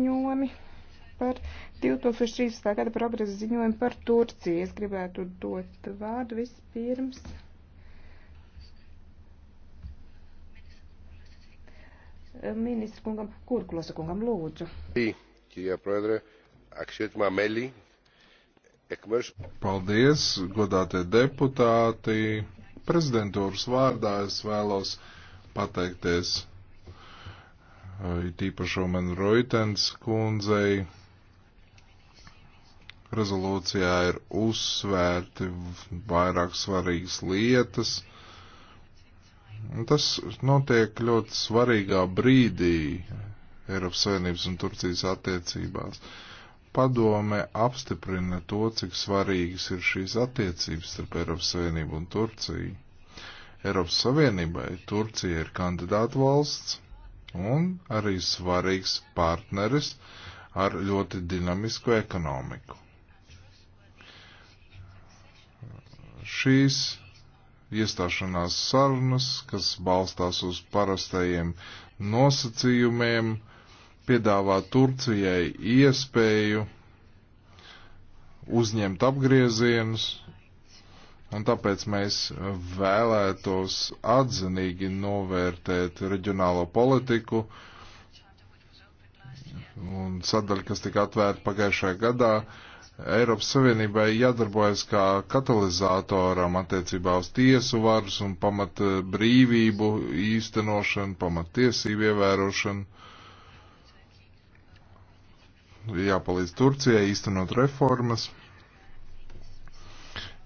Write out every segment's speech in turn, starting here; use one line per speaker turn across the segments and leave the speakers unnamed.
ziņojumi par 2013. gada progresa ziņojumu par Turciju. Es gribētu dot vārdu vispirms. Ministra kungam, Kurkulosa kungam, lūdzu.
Paldies, godātie deputāti. Prezidentūras vārdā es vēlos pateikties tīpašo man Roitens kundzei. Rezolūcijā ir uzsvērti vairāk svarīgas lietas. Tas notiek ļoti svarīgā brīdī Eiropas Savienības un Turcijas attiecībās. Padome apstiprina to, cik svarīgas ir šīs attiecības starp Eiropas Savienību un Turciju. Eiropas Savienībai Turcija ir kandidāta valsts, un arī svarīgs partneris ar ļoti dinamisku ekonomiku. Šīs iestāšanās sarunas, kas balstās uz parastajiem nosacījumiem, piedāvā Turcijai iespēju uzņemt apgriezienus Un tāpēc mēs vēlētos atzinīgi novērtēt reģionālo politiku un sadaļu, kas tika atvērta pagājušajā gadā. Eiropas Savienībai jādarbojas kā katalizatoram attiecībā uz tiesu varus un pamat eh, brīvību īstenošanu, pamat tiesību ievērošanu. Jāpalīdz Turcijai īstenot reformas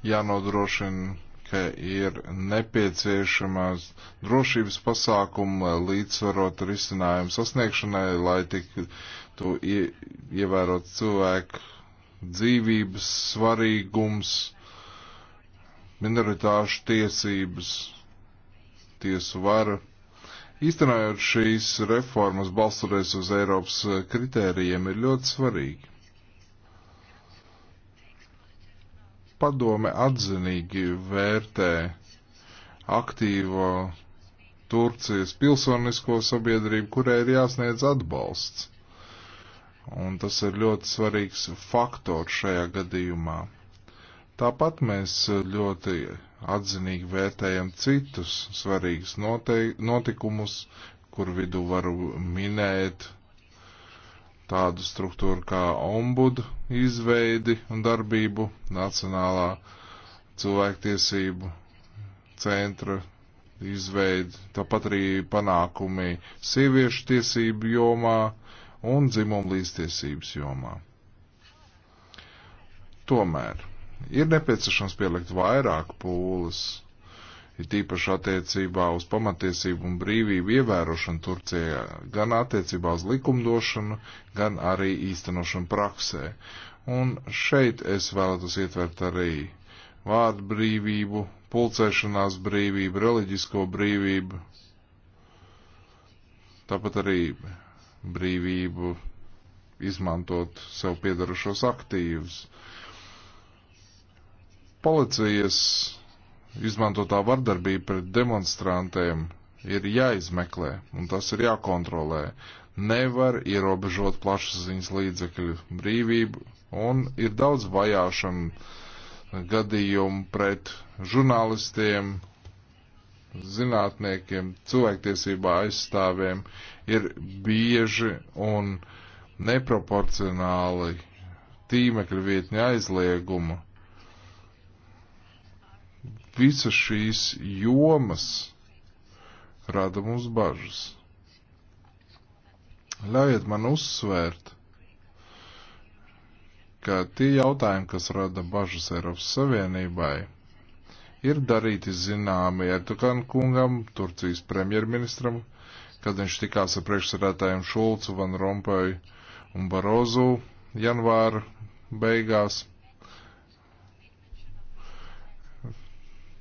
jānodrošina, ka ir nepieciešamās drošības pasākuma līdzsvarot risinājumu sasniegšanai, lai tiktu ievērot cilvēku dzīvības svarīgums, minoritāšu tiesības, tiesu vara. Īstenojot šīs reformas, balstoties uz Eiropas kritērijiem, ir ļoti svarīgi. padome atzinīgi vērtē aktīvo Turcijas pilsonisko sabiedrību, kurai ir jāsniedz atbalsts. Un tas ir ļoti svarīgs faktors šajā gadījumā. Tāpat mēs ļoti atzinīgi vērtējam citus svarīgus notikumus, kur vidu varu minēt tādu struktūru kā ombudu izveidi un darbību, Nacionālā cilvēktiesību centra izveidi, tāpat arī panākumi sieviešu tiesību jomā un dzimumu līdztiesības jomā. Tomēr ir nepieciešams pielikt vairāk pūles ir tīpaši attiecībā uz pamatiesību un brīvību ievērošanu Turcijā, gan attiecībā uz likumdošanu, gan arī īstenošanu praksē. Un šeit es vēlētos ietvert arī vārdu brīvību, pulcēšanās brīvību, reliģisko brīvību, tāpat arī brīvību izmantot sev piedarušos aktīvus. Policijas izmantotā vardarbība pret demonstrantiem ir jāizmeklē un tas ir jākontrolē. Nevar ierobežot plašsaziņas līdzekļu brīvību un ir daudz vajāšanu gadījumu pret žurnālistiem, zinātniekiem, cilvēktiesībā aizstāvjiem ir bieži un neproporcionāli tīmekļa vietņa aizlieguma visas šīs jomas rada mums bažas. Ļaujiet man uzsvērt, ka tie jautājumi, kas rada bažas Eiropas Savienībai, ir darīti zināmi Erdogan kungam, Turcijas premjerministram, kad viņš tikās ar priekšsarētājiem Šulcu, Van Rompuy un Barozu janvāra beigās.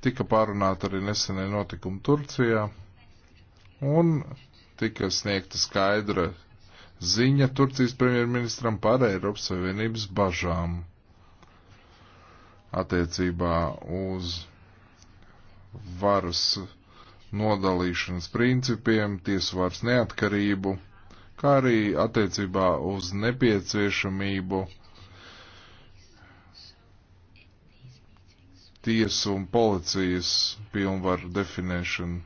Tika pārunāta arī nesenai notikuma Turcijā un tika sniegta skaidra ziņa Turcijas premjerministram par Eiropas Savienības bažām attiecībā uz varas nodalīšanas principiem, tiesu varas neatkarību, kā arī attiecībā uz nepieciešamību tiesu un policijas pilnvaru definēšanu.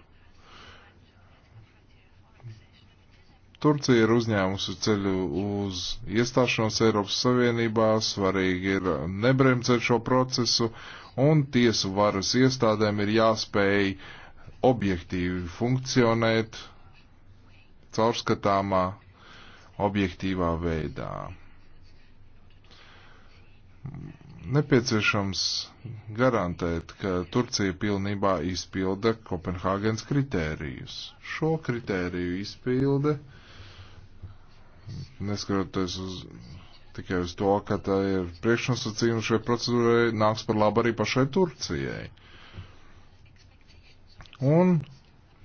Turcija ir uzņēmusi ceļu uz iestāšanos Eiropas Savienībā, svarīgi ir nebremcēt šo procesu, un tiesu varas iestādēm ir jāspēj objektīvi funkcionēt caurskatāmā, objektīvā veidā nepieciešams garantēt, ka Turcija pilnībā izpilda Kopenhāgens kritērijus. Šo kritēriju izpilde, neskatoties uz, tikai uz to, ka tā ir priekšnosacījuma šai procedūrai, nāks par labu arī pašai Turcijai. Un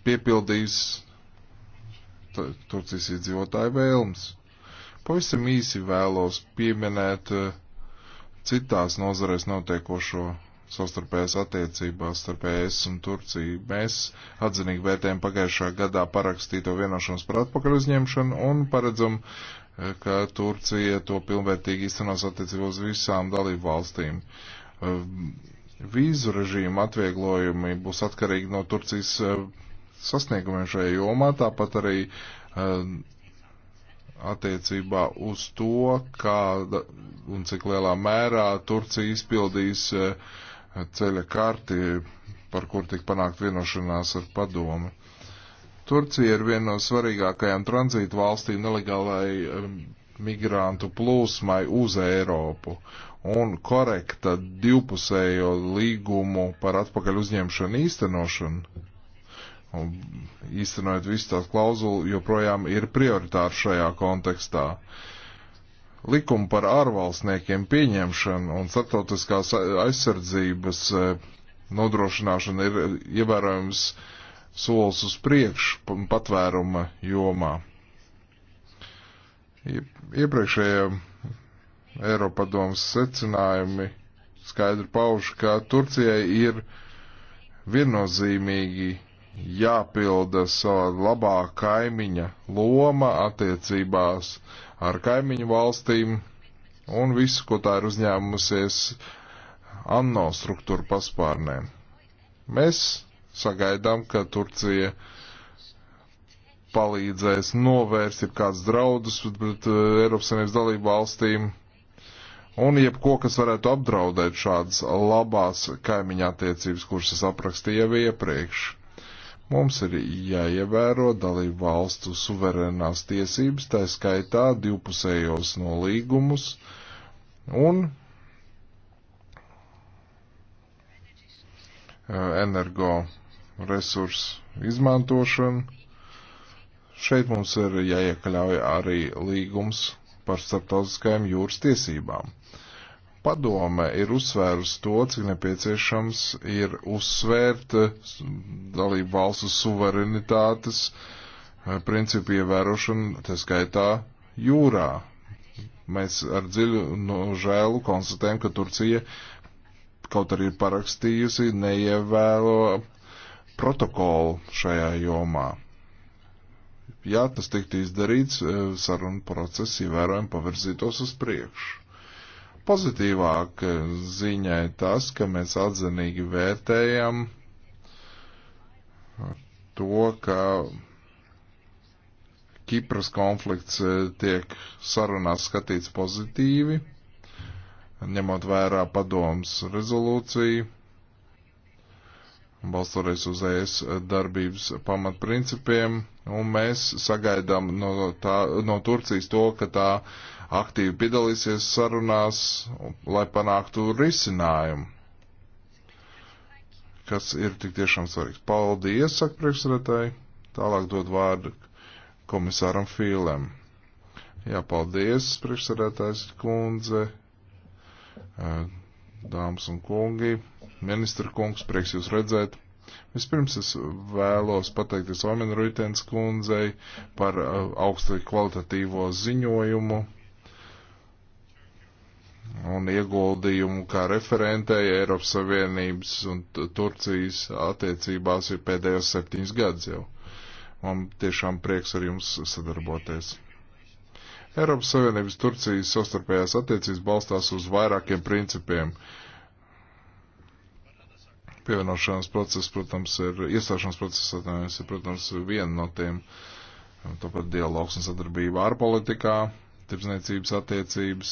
piepildīs Turcijas iedzīvotāju vēlms. Pavisam īsi vēlos pieminēt uh, citās nozarēs notiekošo savstarpējās attiecībās starp ES un Turciju. Mēs atzinīgi vērtējam pagājušā gadā parakstīto vienošanos par atpakaļ uzņemšanu un paredzam, eh, ka Turcija to pilnvērtīgi izcenās attiecībā uz visām dalību valstīm. Eh, vīzu režīma atvieglojumi būs atkarīgi no Turcijas eh, sasniegumiem šajā jomā, tāpat arī attiecībā uz to, kāda un cik lielā mērā Turcija izpildīs eh, ceļa karti, par kur tika panākt vienošanās ar padomi. Turcija ir viena no svarīgākajām tranzītu valstīm nelegālai eh, migrantu plūsmai uz Eiropu, un korekta divpusējo līgumu par atpakaļ uzņemšanu īstenošanu Un īstenojot visu tās klauzulu, joprojām ir prioritāri šajā kontekstā. Likuma par ārvalstniekiem pieņemšanu un starptautiskās aizsardzības eh, nodrošināšana ir ievērojams solis uz priekšu patvēruma jomā. Iepriekšējie Eiropadomas secinājumi skaidri pauž, ka Turcijai ir viennozīmīgi jāpilda savā labā kaimiņa loma attiecībās ar kaimiņu valstīm un visu, ko tā ir uzņēmusies ANO struktūra paspārnē. Mēs sagaidām, ka Turcija palīdzēs novērst jebkādas draudus pret eh, Eiropas Savienības dalību valstīm un jebko, kas varētu apdraudēt šādas labās kaimiņa attiecības, kuras es aprakstīju jau iepriekš. Mums ir jāievēro dalību valstu suverēnās tiesības, tā skaitā divpusējos nolīgumus un eh, energo resursu izmantošanu. Šeit mums ir jāiekļauj arī līgums par starptautiskajām jūras tiesībām. Uh, Padome ir uzsvērusi to, cik nepieciešams ir uzsvērt eh, dalību valstu suverenitātes eh, principu ievērošanu, tā skaitā jūrā. Mēs ar dziļu nožēlu konstatējam, ka Turcija kaut arī ir parakstījusi, neievēlo protokolu šajā jomā. Ja tas tiktu izdarīts, eh, saruna process ievērojami pavirzītos uz priekšu. Pozitīvāk ziņai tas, ka mēs atzinīgi vērtējam to, ka Kipras konflikts eh, tiek sarunās skatīts pozitīvi, ņemot vērā padomas rezolūciju balstoties uz ES darbības pamatprincipiem, un mēs sagaidām no, tā, no Turcijas to, ka tā aktīvi piedalīsies sarunās, lai panāktu risinājumu, kas ir tik tiešām svarīgs. Paldies, saka priekšsredētāji, tālāk dod vārdu komisāram Fīlēm. Jā, paldies, priekšsredētājs kundze, dāmas un kungi. Ministra kungs, prieks jūs redzēt. Vispirms es vēlos pateikties Vamena Ruitens kundzei par uh, augstu kvalitatīvo ziņojumu un ieguldījumu kā referentei Eiropas Savienības un Turcijas attiecībās ir pēdējos septiņus gadus jau. Man tiešām prieks ar jums sadarboties. Eiropas Savienības Turcijas sastarpējās attiecības balstās uz vairākiem principiem. Uh, Pievienošanās process, protams, ir, iestāšanās process, atnājums, ir, protams, viena no tiem, tāpat dialogs un sadarbība ārpolitikā, tirdzniecības attiecības,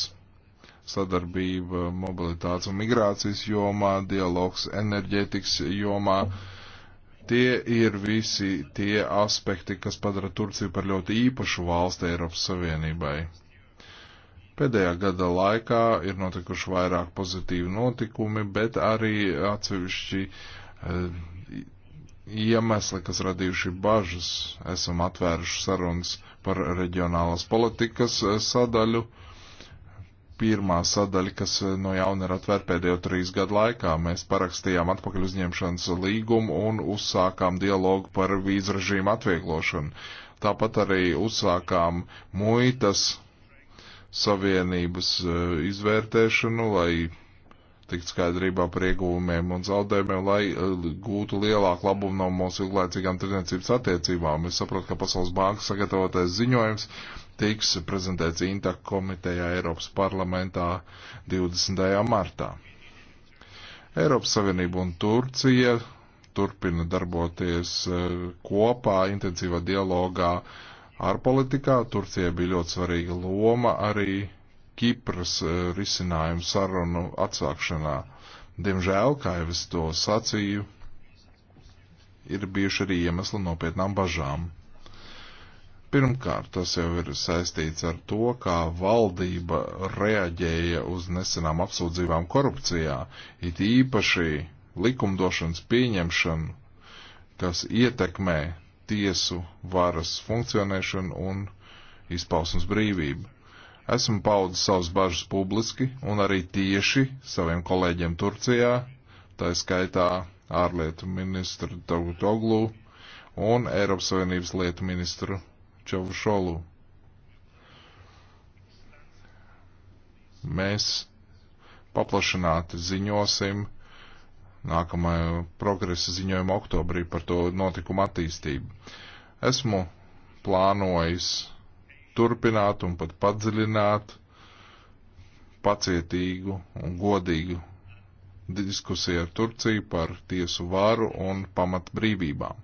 sadarbība mobilitātes un migrācijas jomā, dialogs enerģētikas jomā. Tie ir visi tie aspekti, kas padara Turciju par ļoti īpašu valsti Eiropas Savienībai Pēdējā gada laikā ir notikuši vairāk pozitīvi notikumi, bet arī atsevišķi eh, iemesli, kas radījuši bažas. Esam atvēruši sarunas par reģionālas politikas eh, sadaļu. Pirmā sadaļa, kas eh, no jauna ir atvērta pēdējo trīs gadu laikā, mēs parakstījām atpakaļ uzņemšanas līgumu un uzsākām dialogu par vīzu režīmu atvieglošanu. Tāpat arī uzsākām muitas Savienības eh, izvērtēšanu, lai tiktu skaidrībā par ieguvumiem un zaudējumiem, lai eh, gūtu lielāku labumu no mūsu ilglaicīgām tirdzniecības attiecībām. Es saprotu, ka Pasaules bankas sagatavotais ziņojums tiks prezentēts INTAK komitejā Eiropas parlamentā 20. martā. Eiropas Savienība un Turcija turpina darboties eh, kopā intensīvā dialogā uh, ārpolitikā. Turcijai bija ļoti svarīga loma arī Kipras eh, risinājumu sarunu atsākšanā. Diemžēl, kā jau es to sacīju, ir bijuši arī iemesli nopietnām bažām. Pirmkārt, tas jau ir saistīts ar to, kā valdība reaģēja uz nesenām apsūdzībām korupcijā, it īpaši likumdošanas pieņemšanu, kas ietekmē tiesu varas funkcionēšanu un izpausmas brīvību. Esmu paudis savus bažas publiski un arī tieši saviem kolēģiem Turcijā, tā skaitā ārlietu ministru Davutoglu un Eiropas Savienības lietu ministru Čavušolu. Mēs paplašināti ziņosim nākamajā progresa ziņojuma oktobrī par to notikumu attīstību. Esmu plānojis turpināt un pat padziļināt pacietīgu un godīgu diskusiju ar Turciju par tiesu varu un pamat brīvībām.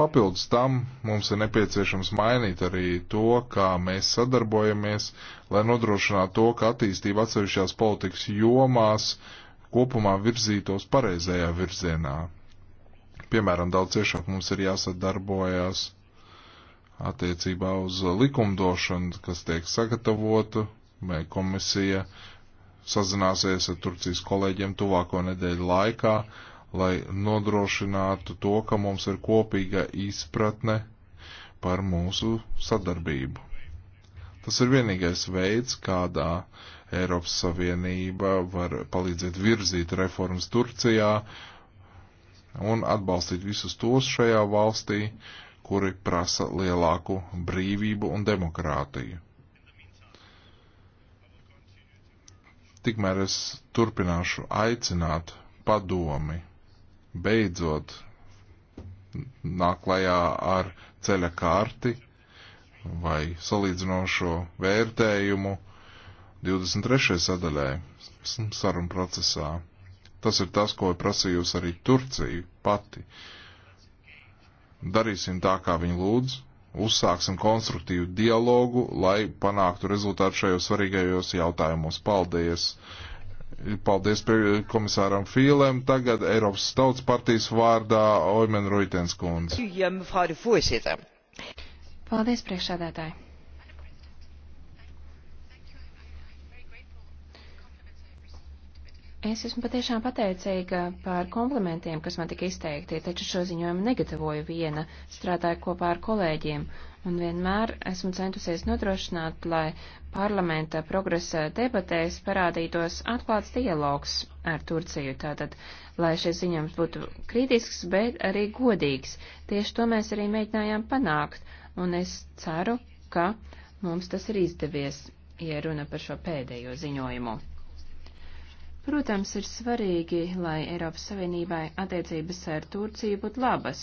Papildus tam mums ir nepieciešams mainīt arī to, kā mēs sadarbojamies, lai nodrošinātu to, ka attīstība atsevišķās politikas jomās uh, kopumā virzītos pareizajā virzienā. Piemēram, daudz ciešāk mums ir jāsadarbojas attiecībā uz likumdošanu, kas tiek sagatavotu, vai komisija sazināsies ar Turcijas kolēģiem tuvāko nedēļu laikā, lai nodrošinātu to, ka mums ir kopīga izpratne par mūsu sadarbību. Tas ir vienīgais veids, kādā uh, Eiropas Savienība var palīdzēt virzīt reformas Turcijā un atbalstīt visus tos šajā valstī, kuri prasa lielāku brīvību un demokrātiju. Tikmēr es turpināšu aicināt padomi beidzot nāk klajā ar ceļa karti vai salīdzinošo vērtējumu 23. sadaļai sarunu procesā. Tas ir tas, ko prasījusi arī Turcija pati. Darīsim tā, kā viņi lūdz, uzsāksim konstruktīvu dialogu, lai panāktu rezultātu šajos svarīgajos jautājumos. Paldies! Paldies komisāram Fīlēm. Tagad Eiropas Tautas partijas vārdā Oimen Ruitens kundze.
Paldies, priekšādātāji!
Es esmu patiešām pateicīga par komplimentiem, kas man tika izteikti, taču šo ziņojumu negatavoju viena, strādāju kopā ar kolēģiem, un vienmēr esmu centusies nodrošināt, lai parlamenta progresa debatēs parādītos atklāts dialogs ar Turciju, tātad, lai šis ziņojums būtu kritisks, bet arī godīgs. Tieši to mēs arī mēģinājām panākt, un es ceru, ka mums tas ir izdevies, ja runa par šo pēdējo ziņojumu. Protams, ir svarīgi, lai Eiropas Savienībai attiecības ar Turciju būtu labas.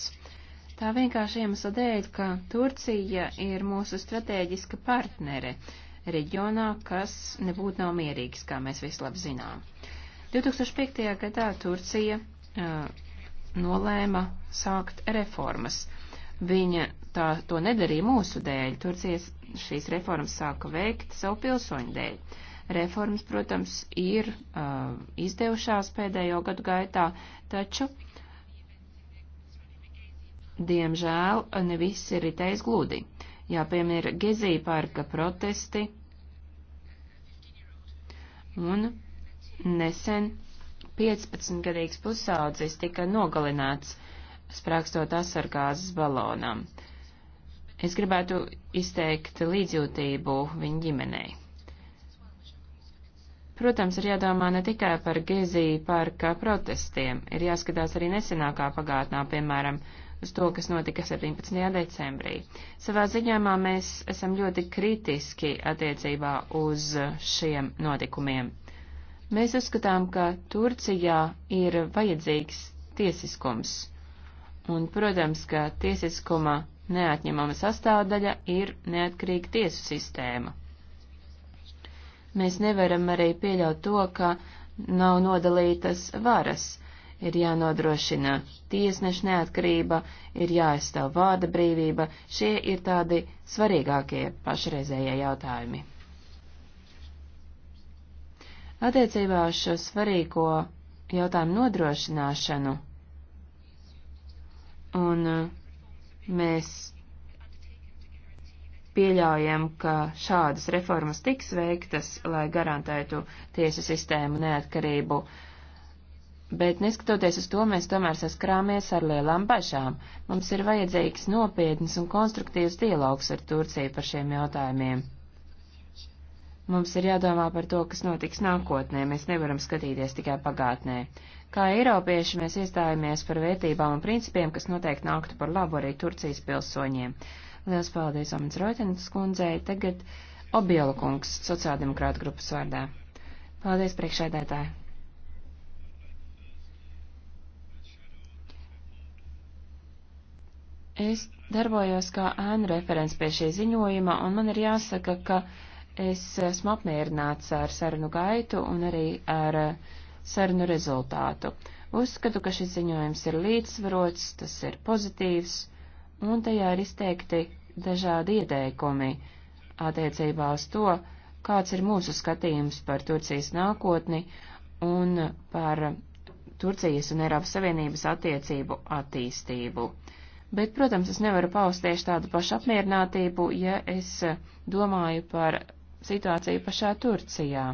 Tā vienkārši iemesla dēļ, ka Turcija ir mūsu strateģiska partnere reģionā, kas nebūtu nav mierīgs, kā mēs visi labi zinām. 2005. gadā Turcija uh, nolēma sākt reformas. Viņa tā, to nedarīja mūsu dēļ. Turcijas šīs reformas sāka veikt savu pilsoņu dēļ. Reformas, protams, ir uh, izdevušās pēdējo gadu gaitā, taču, diemžēl, ne viss ir ritējis glūdi. Jāpiemina ir Gezī parka protesti un nesen 15-gadīgs pusaudzis tika nogalināts, sprākstot asargāzes balonam. Es gribētu izteikt līdzjūtību viņa ģimenei. Protams, ir jādomā ne tikai par Geziju parka protestiem, ir jāskatās arī nesenākā pagātnā, piemēram, uz to, kas notika 17. decembrī. Savā ziņāmā mēs esam ļoti kritiski attiecībā uz šiem notikumiem. Mēs uzskatām, ka Turcijā ir vajadzīgs tiesiskums, un, protams, ka tiesiskuma neatņemama sastāvdaļa ir neatkarīga tiesu sistēma. Mēs nevaram arī pieļaut to, ka nav nodalītas varas. Ir jānodrošina tiesneša neatkarība, ir jāaizstāv vārda brīvība. Šie ir tādi svarīgākie pašreizējie jautājumi. Attiecībā uz šo svarīgo jautājumu nodrošināšanu un uh, mēs pieļaujam, ka šādas reformas tiks veiktas, lai garantētu tiesu sistēmu neatkarību. Bet neskatoties uz to, mēs tomēr saskrāmies ar lielām bažām. Mums ir vajadzīgs nopietns un konstruktīvs dialogs ar Turciju par šiem jautājumiem. Mums ir jādomā par to, kas notiks nākotnē, mēs nevaram skatīties tikai pagātnē. Kā eiropieši mēs iestājāmies par vērtībām un principiem, kas noteikti nāktu par labu arī Turcijas pilsoņiem. Liels paldies, Omens Roitenis kundzei. Tagad Obielu kungs, sociāldemokrāta grupas vārdā. Paldies, priekšēdētāji. Es darbojos kā ēnu referents pie šī ziņojuma, un man ir jāsaka, ka es esmu apmierināts ar sarunu gaitu un arī ar uh, sarunu rezultātu. Uzskatu, ka šis ziņojums ir līdzsvarots, tas ir pozitīvs, un tajā ir izteikti dažādi ieteikumi attiecībā uz to, kāds ir mūsu skatījums par Turcijas nākotni un par Turcijas un Eiropas Savienības attiecību attīstību. Bet, protams, es nevaru paust tieši tādu pašu apmierinātību, ja es domāju par situāciju pašā Turcijā.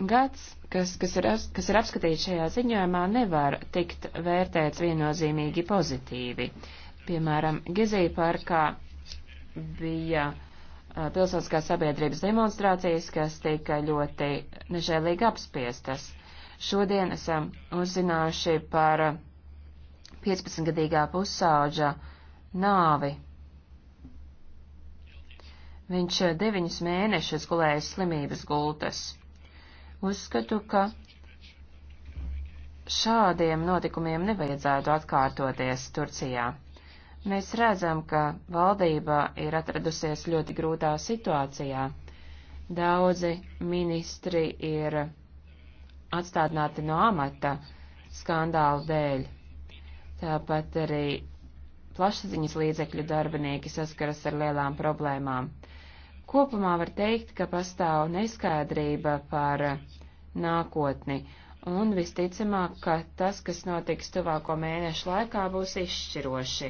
Gads, kas, kas, ir, kas ir apskatīts šajā ziņojumā, nevar tikt vērtēts viennozīmīgi pozitīvi. Piemēram, Gezija parkā bija pilsētiskās sabiedrības demonstrācijas, kas tika ļoti nežēlīgi apspiestas. Šodien esam uzzinājuši par 15-gadīgā pusauģa nāvi. Viņš deviņus mēnešus gulēja slimības gultas. Uzskatu, ka šādiem notikumiem nevajadzētu atkārtoties Turcijā. Mēs redzam, ka valdība ir atradusies ļoti grūtā situācijā. Daudzi ministri ir atstādināti no amata skandālu dēļ. Tāpat arī plašsaziņas līdzekļu darbinieki saskaras ar lielām problēmām. Kopumā var teikt, ka pastāv neskaidrība par nākotni, un visticamāk, ka tas, kas notiks tuvāko mēnešu laikā, būs izšķiroši.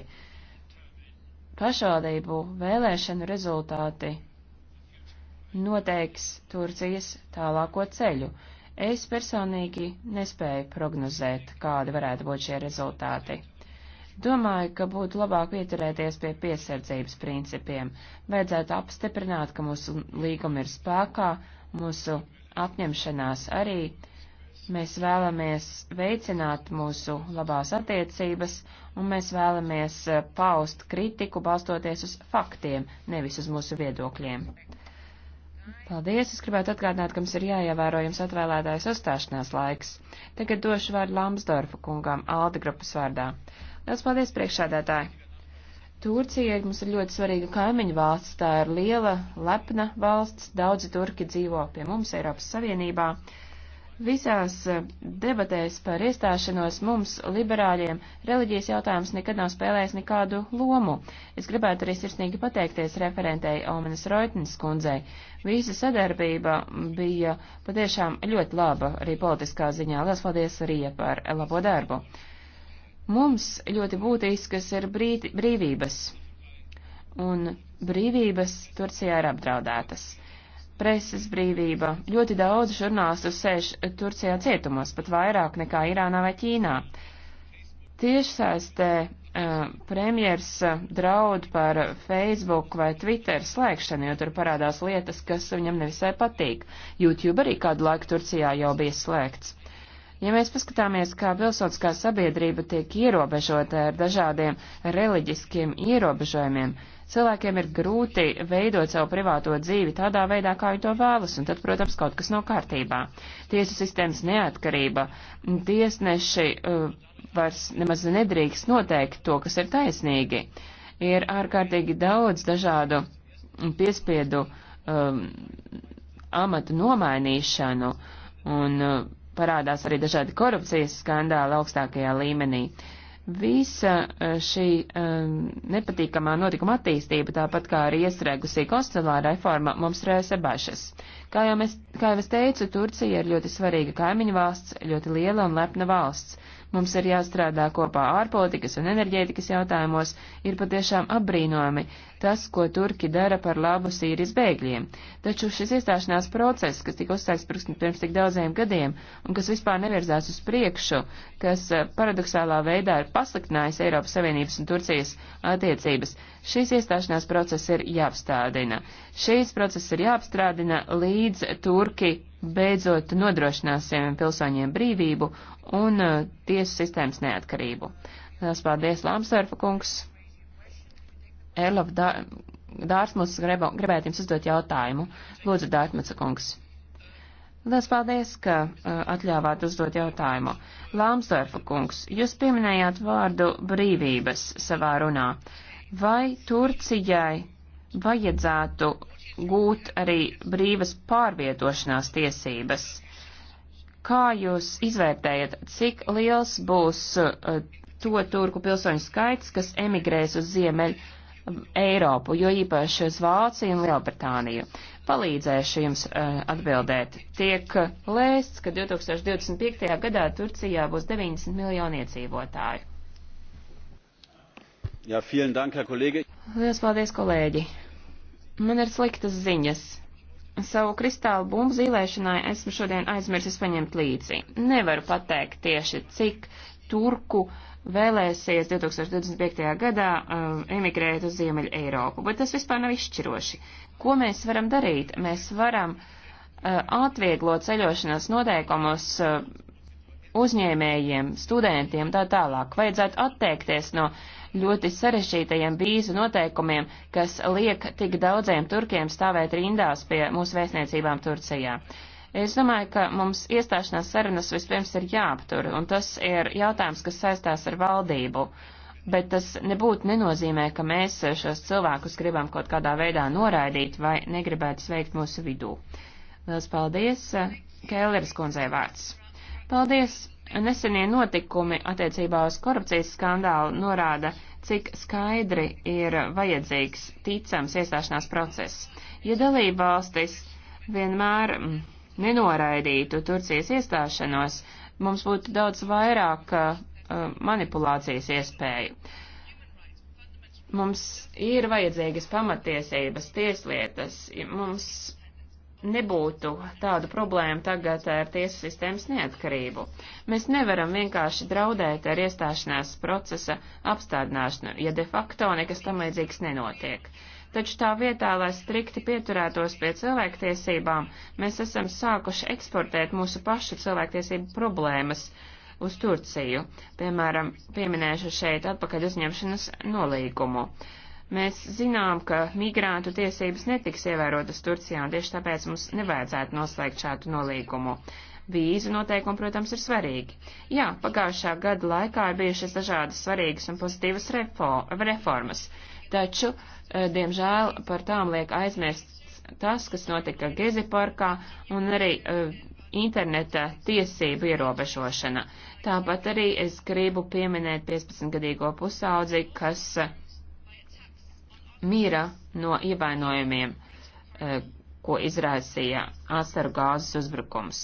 Pašvaldību vēlēšanu rezultāti noteiks Turcijas tālāko ceļu. Es personīgi nespēju prognozēt, kādi varētu būt šie rezultāti. Domāju, ka būtu labāk pieturēties pie piesardzības principiem. Vajadzētu apstiprināt, ka mūsu līguma ir spēkā, mūsu apņemšanās arī. Mēs vēlamies veicināt mūsu labās attiecības, un mēs vēlamies eh, paust kritiku balstoties uz faktiem, nevis uz mūsu viedokļiem. Paldies! Es gribētu atgādināt, ka mums ir jāievēro jums atvēlētājs uzstāšanās laiks. Tagad došu vārdu Lamsdorfa kungam, Alda grupas vārdā. Lielas paldies, priekšādātāji! Turcija mums ir ļoti svarīga kaimiņu valsts, tā ir liela, lepna valsts, daudzi turki dzīvo pie mums Eiropas Savienībā. Visās e, debatēs par iestāšanos mums, liberāļiem, reliģijas jautājums nekad nav spēlējis nekādu lomu. Es gribētu arī sirsnīgi pateikties referentei Omenas Roitnes kundzei. Visa sadarbība bija patiešām ļoti laba arī politiskā ziņā. Lielas paldies arī par labo darbu. Mums ļoti būtiskas ir brīvības, un brīvības Turcijā ir apdraudētas. Preses brīvība. Ļoti daudz žurnālistu sēž Turcijā cietumos, pat vairāk nekā Irānā vai Ķīnā. Tiešsaistē eh, premjers eh, draud par Facebook vai Twitter slēgšanu, jo tur parādās lietas, kas viņam nevisai patīk. YouTube arī kādu laiku Turcijā jau bija slēgts. Ja mēs paskatāmies, kā pilsoniskā sabiedrība tiek ierobežota ar dažādiem reliģiskiem ierobežojumiem, cilvēkiem ir grūti veidot savu privāto dzīvi tādā veidā, kā viņi to vēlas, un tad, protams, kaut kas nav kārtībā. Tiesu sistēmas neatkarība, tiesneši uh, vairs nemaz nedrīkst noteikt to, kas ir taisnīgi. Ir ārkārtīgi daudz dažādu piespiedu um, amatu nomainīšanu, un uh, parādās arī dažādi korupcijas skandāli augstākajā līmenī. Visa eh, šī um, nepatīkamā notikuma attīstība, tāpat kā arī iestrēgusī kostelā reforma, mums rēsa bažas. Kā jau, mēs, kā jau es teicu, Turcija ir ļoti svarīga kaimiņu valsts, ļoti liela un lepna valsts. Mums ir jāstrādā kopā ārpolitikas un enerģētikas jautājumos, ir patiešām apbrīnojami, tas, ko Turki dara par labu Sīrijas bēgļiem. Taču šis iestāšanās process, kas tika uzsāks pirms tik daudziem gadiem un kas vispār nevirzās uz priekšu, kas eh, paradoxālā veidā ir pasliktinājis Eiropas Savienības un Turcijas attiecības, šīs iestāšanās process ir jāapstādina. Šīs process ir jāapstrādina līdz Turki beidzot nodrošinās saviem pilsoņiem brīvību un uh, tiesu sistēmas neatkarību. Tās paldies, Lāmsvērfa kungs! Elov Dārsmus gribētu jums uzdot jautājumu. Lūdzu, Dārtmaca kungs. Lielas paldies, ka uh, atļāvāt uzdot jautājumu. Lāmsdorfa kungs, jūs pieminējāt vārdu brīvības savā runā. Vai Turcijai vajadzētu gūt arī brīvas pārvietošanās tiesības? Kā jūs izvērtējat, cik liels būs uh, to turku pilsoņu skaits, kas emigrēs uz Ziemeļu Eiropu, jo īpaši uz Vāciju un Lielbritāniju. Palīdzēšu jums uh, atbildēt. Tiek eh, lēsts, ka 2025. gadā Turcijā būs 90 miljoni iedzīvotāju.
Jā, ja, vielen dank, Herr kolēģi.
Lielas paldies, kolēģi. Man ir sliktas ziņas. Savu kristālu bumbu zīlēšanai esmu šodien aizmirsis paņemt līdzi. Nevaru pateikt tieši, cik turku uh, vēlēsies 2025. gadā um, emigrēt uz Ziemeļu Eiropu, bet tas vispār nav izšķiroši. Ko mēs varam darīt? Mēs varam uh, atvieglot ceļošanas noteikumus uh, uzņēmējiem, studentiem tā tālāk. Vajadzētu atteikties no ļoti sarežģītajiem bīzu noteikumiem, kas liek tik daudziem turkiem stāvēt rindās pie mūsu vēstniecībām Turcijā. Uh, Es domāju, ka mums iestāšanās sarunas vispirms ir jāaptur, un tas ir jautājums, kas saistās ar valdību. Bet tas nebūtu nenozīmē, ka mēs šos cilvēkus gribam kaut kādā veidā noraidīt vai negribētu sveikt mūsu vidū. Lielas paldies! Kēleris kundzei vārds. Paldies! Nesenie notikumi attiecībā uz korupcijas skandālu norāda, cik skaidri ir vajadzīgs ticams iestāšanās process. Ja dalībvalstis vienmēr. Mm, nenoraidītu Turcijas iestāšanos, mums būtu daudz vairāk uh, manipulācijas iespēju. Mums ir vajadzīgas pamatiesības, tieslietas, mums nebūtu tādu problēmu tagad ar tiesu sistēmas neatkarību. Mēs nevaram vienkārši draudēt ar iestāšanās procesa apstādināšanu, ja de facto nekas tam līdzīgs nenotiek. Uh, taču tā vietā, lai strikti pieturētos pie cilvēktiesībām, mēs esam sākuši eksportēt mūsu pašu cilvēktiesību problēmas uz Turciju, piemēram, pieminēšu šeit atpakaļ uzņemšanas nolīgumu. Mēs zinām, ka migrantu tiesības netiks ievērotas Turcijā, un tieši tāpēc mums nevajadzētu noslēgt šādu nolīgumu. Vīzu noteikumi, protams, ir svarīgi. Jā, pagājušā gada laikā ir bijušas dažādas svarīgas un pozitīvas reformas. Taču, eh, diemžēl, par tām liek aizmirsts tas, kas notika Gezi parkā un arī eh, interneta tiesību ierobežošana. Tāpat arī es gribu pieminēt 15-gadīgo pusaudzi, kas eh, mīra no ievainojumiem, ko izraisīja asaru gāzes uzbrukums.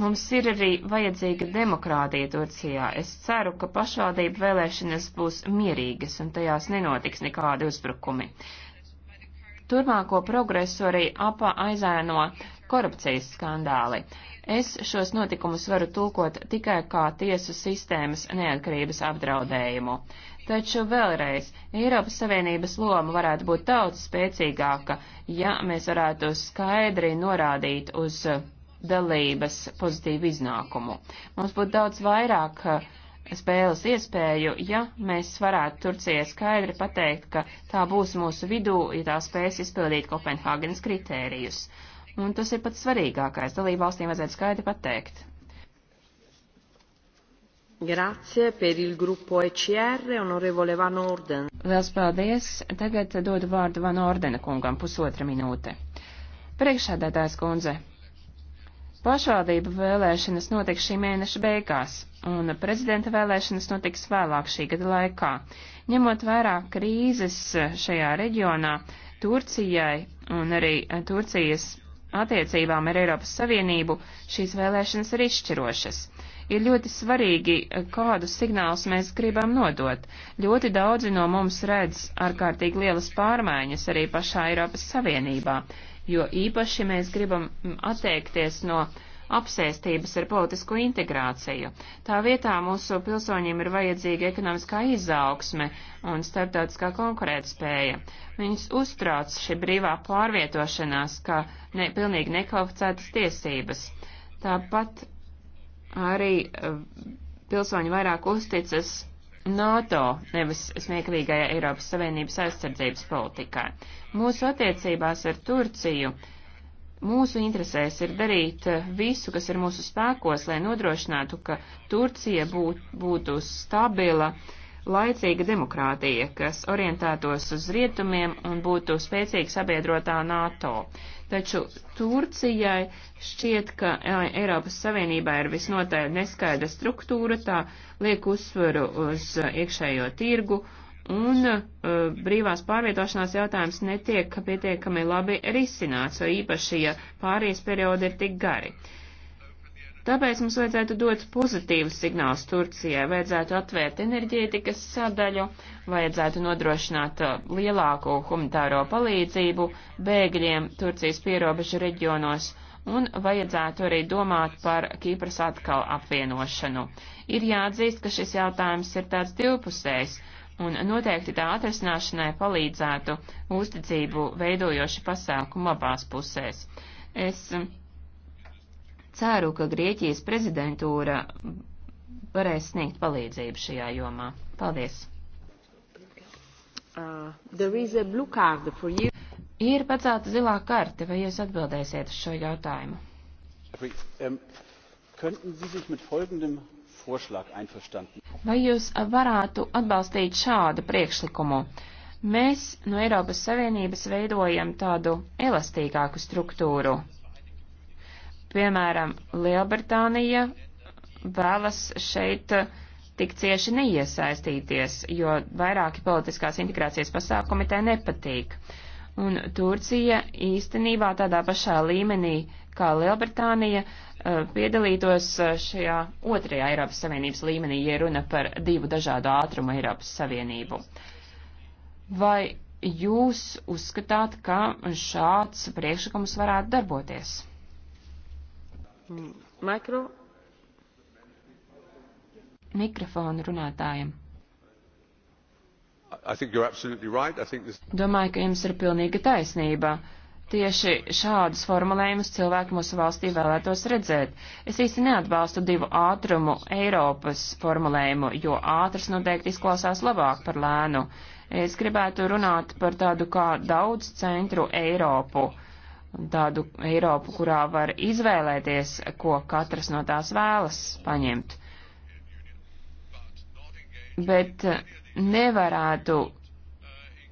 Mums ir arī vajadzīga demokrātija Turcijā. Es ceru, ka pašvaldību vēlēšanas būs mierīgas un tajās nenotiks nekādi uzbrukumi. Turmāko progresu arī apa aizēno korupcijas skandāli. Es šos notikumus varu tulkot tikai kā tiesu sistēmas neatkarības apdraudējumu. Taču vēlreiz Eiropas Savienības loma varētu būt daudz spēcīgāka, ja mēs varētu skaidri norādīt uz dalības pozitīvu iznākumu. Mums būtu daudz vairāk eh, spēles iespēju, ja mēs varētu Turcijai skaidri pateikt, ka tā būs mūsu vidū, ja tā spēs izpildīt Kopenhāgenes kritērijus. Un tas ir pats svarīgākais. Dalību valstīm vajadzētu skaidri pateikt. Grazie per il gruppo ECR, onorevole Van Orden. Liels paldies. Tagad dodu vārdu Van Ordena kungam pusotra minūte. Priekšādātājs kundze. Pašvaldību vēlēšanas notiks šī mēneša beigās, un prezidenta vēlēšanas notiks vēlāk šī gada laikā. Ņemot vērā krīzes šajā reģionā, Turcijai un arī Turcijas attiecībām ar Eiropas Savienību šīs vēlēšanas ir izšķirošas. Ir ļoti svarīgi, kādus signālus mēs gribam nodot. Ļoti daudzi no mums redz ārkārtīgi lielas pārmaiņas arī pašā Eiropas Savienībā jo īpaši mēs gribam mm, atteikties no apsēstības ar politisko integrāciju. Tā vietā mūsu pilsoņiem ir vajadzīga ekonomiskā izaugsme un starptautiskā konkurētspēja. Viņus uztrauc šī brīvā pārvietošanās, kā ne, pilnīgi nekvalificētas tiesības. Tāpat arī eh, pilsoņi vairāk uzticas NATO, nevis smieklīgajai Eiropas Savienības aizsardzības politikai. Mūsu attiecībās ar Turciju mūsu interesēs ir darīt eh, visu, kas ir mūsu spēkos, lai nodrošinātu, ka Turcija būt, būtu stabila, laicīga demokrātija, kas orientētos uz rietumiem un būtu spēcīga sabiedrotā NATO taču Turcijai šķiet, ka Eiropas Savienībā ir visnotaļ neskaidra struktūra, tā liek uzsvaru uz iekšējo tirgu, un uh, brīvās pārvietošanās jautājums netiek pietiekami labi risināts, jo īpaši, ja pāries periodi ir tik gari. Uh, Tāpēc mums vajadzētu dot pozitīvus signālus Turcijai, vajadzētu atvērt enerģētikas sadaļu, vajadzētu nodrošināt uh, lielāko humanitāro palīdzību bēgļiem Turcijas pierobežu reģionos un vajadzētu arī domāt par Kīpras atkal apvienošanu. Ir jāatzīst, ka šis jautājums ir tāds divpusējs, un noteikti tā atrasināšanai palīdzētu uzticību veidojoši pasākumu abās pusēs. Es ceru, ka Grieķijas prezidentūra varēs sniegt palīdzību šajā jomā. Paldies! Uh, Ir pacelta zilā karte, vai jūs atbildēsiet uz šo jautājumu? Ähm, vai jūs varētu atbalstīt šādu priekšlikumu? Mēs no Eiropas Savienības veidojam tādu elastīgāku struktūru. Piemēram, Lielbritānija vēlas šeit eh, tik cieši neiesaistīties, jo vairāki politiskās integrācijas pasākumi tai nepatīk. Un Turcija īstenībā tādā pašā līmenī kā Lielbritānija eh, piedalītos eh, šajā otrajā Eiropas Savienības līmenī, ja runa par divu dažādu ātrumu Eiropas Savienību. Vai jūs uzskatāt, ka šāds priekšlikums varētu darboties? Mikro. Mikrofonu runātājiem. Right. This... Domāju, ka jums ir pilnīga taisnība. Tieši šādus formulējumus cilvēki mūsu valstī vēlētos redzēt. Es īsti neatbalstu divu ātrumu Eiropas formulējumu, jo ātrs noteikti izklausās labāk par lēnu. Es gribētu runāt par tādu kā daudz centru Eiropu. Uh, tādu Eiropu, kurā var izvēlēties, ko katrs no tās vēlas paņemt. Bet nevarētu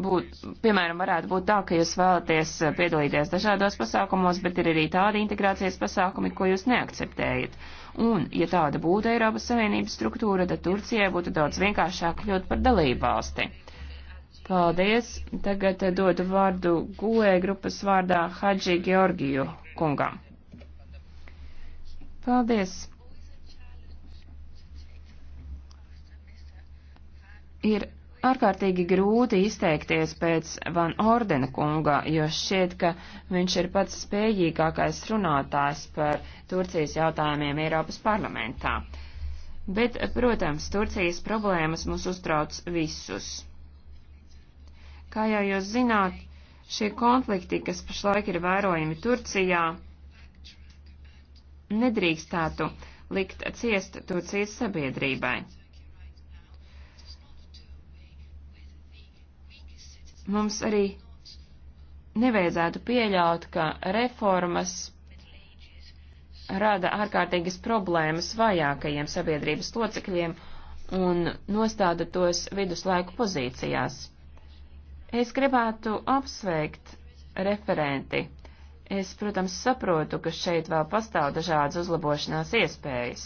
būt, piemēram, varētu būt tā, ka jūs vēlaties piedalīties dažādos pasākumos, bet ir arī tādi integrācijas pasākumi, ko jūs neakceptējat. Un, ja tāda būtu Eiropas Savienības struktūra, tad Turcijai būtu daudz vienkāršāk kļūt par dalību valsti. Paldies. Tagad dodu vārdu gulē e grupas vārdā Hadži Georgiju kungam. Paldies. Ir ārkārtīgi grūti izteikties pēc Van Ordena kunga, jo šķiet, ka viņš ir pats spējīgākais runātājs par Turcijas jautājumiem Eiropas parlamentā. Bet, protams, Turcijas problēmas mūs uztrauc visus. Kā jau jūs zināt, šie konflikti, kas pašlaik ir vērojami Turcijā, nedrīkstētu likt ciest Turcijas sabiedrībai. Mums arī nevajadzētu pieļaut, ka reformas rada ārkārtīgas problēmas vajākajiem sabiedrības locekļiem un nostāda tos viduslaiku pozīcijās. Es gribētu apsveikt referenti. Es, protams, saprotu, ka šeit vēl pastāv dažādas uzlabošanās iespējas.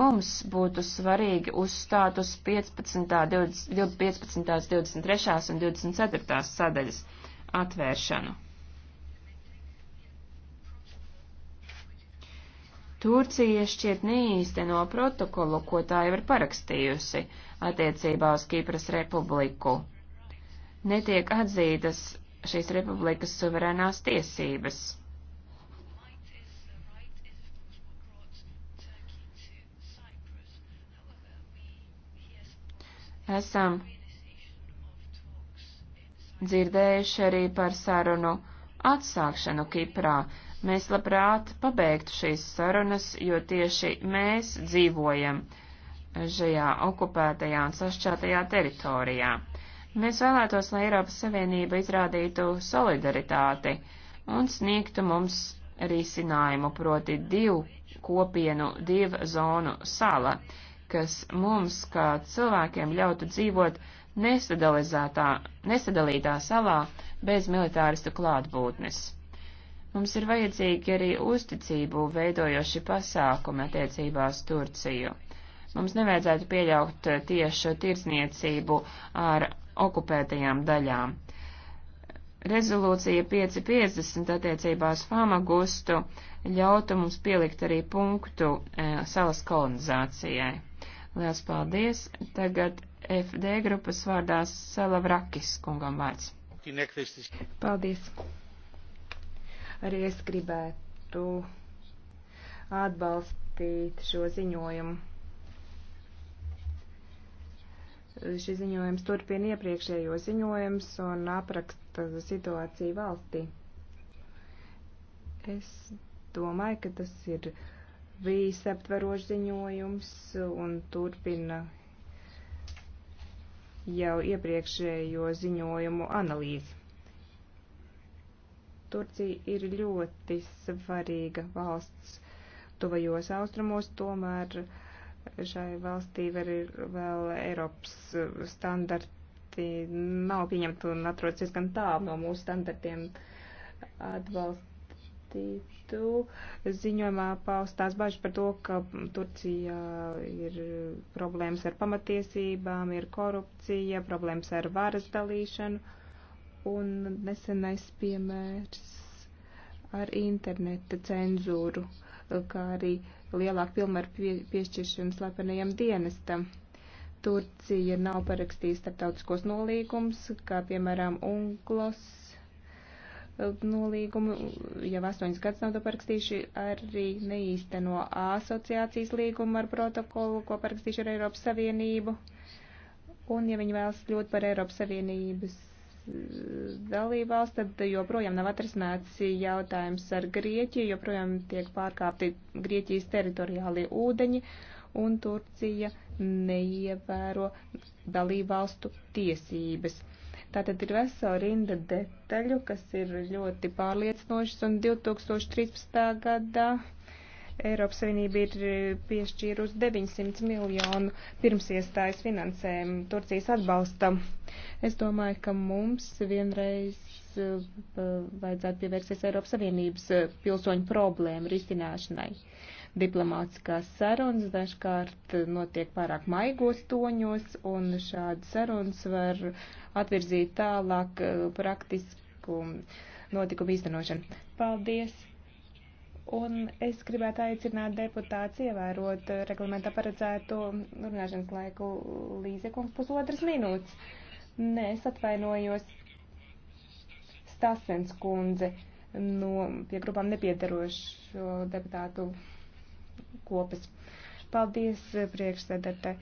Mums būtu svarīgi uzstāt uz 15, 20, 15, 23 un 24 sadaļas atvēršanu. Turcija šķiet neīsteno protokolu, ko tā jau ir parakstījusi attiecībā uz Kipras republiku netiek atzītas šīs republikas suverēnās tiesības. Esam dzirdējuši arī par sarunu atsākšanu Kiprā. Mēs labprāt pabeigtu šīs sarunas, jo tieši mēs dzīvojam šajā okupētajā un sašķētajā teritorijā. Mēs vēlētos, lai Eiropas Savienība izrādītu solidaritāti un sniegtu mums risinājumu proti divu kopienu, divu zonu sala, kas mums, kā cilvēkiem, ļautu dzīvot nesadalītā salā bez militāristu klātbūtnes. Mums ir vajadzīgi arī uzticību veidojoši pasākumi attiecībās Turciju. Mums nevajadzētu pieļaut tiešu tirdzniecību ar okupētajām daļām. Rezolūcija 550 attiecībā uz Famagustu ļautu mums pielikt arī punktu e, salas kolonizācijai. Lielas paldies! Tagad FD grupas vārdā Salavrakis kungam
vārds. Paldies! Arī es gribētu atbalstīt šo ziņojumu. Šis ziņojums turpina iepriekšējo ziņojums un apraksta situāciju valstī. Es domāju, ka tas ir visaptverošs ziņojums un turpina jau iepriekšējo ziņojumu analīzi. Turcija ir ļoti svarīga valsts tuvajos austrumos, tomēr uh, Šai valstī var ir vēl Eiropas standarti nav pieņemti un atrodas diezgan tālu no mūsu standartiem atbalstītu. Ziņojumā paustās bažas par to, ka Turcijā ir problēmas ar pamatiesībām, ir korupcija, problēmas ar varas dalīšanu un nesenais piemērs ar interneta cenzūru. Uh, kā arī lielāku pilnvaru pie, piešķiršanu slepenajam dienestam. Turcija nav parakstījusi starptautiskos nolīgumus, kā piemēram UNCLOS eh, nolīgumu, jau astoņas gadus nav to parakstījuši, arī neīsteno asociācijas līgumu ar protokolu, ko parakstījuši ar Eiropas Savienību. Un, ja viņi vēlas kļūt par Eiropas Savienības dalībvalsts, tad joprojām nav atrisināts jautājums ar Grieķiju, joprojām tiek pārkāpti Grieķijas teritoriālie ūdeņi, un Turcija neievēro dalībvalstu tiesības. Tātad ir vesela rinda detaļu, kas ir ļoti pārliecinošas, un 2013. gadā Eiropas Savienība ir e, piešķīrusi 900 miljonu pirmsiestājas finansējumu Turcijas atbalstam. Es domāju, ka mums vienreiz e, vajadzētu pievērsties Eiropas Savienības e, pilsoņu problēmu risināšanai. Diplomātiskās sarunas dažkārt notiek pārāk maigos toņos, un šādas sarunas var atvirzīt tālāk praktisku notikumu īstenošanu. Paldies! Un es gribētu aicināt deputāts ievērot eh, reglamentā paredzēto runāšanas laiku Līze kungs pusotras minūtes. Nē, es atvainojos Stasens kundze no pie grupām nepiedarošo deputātu kopas. Paldies, eh, priekšsēdētē.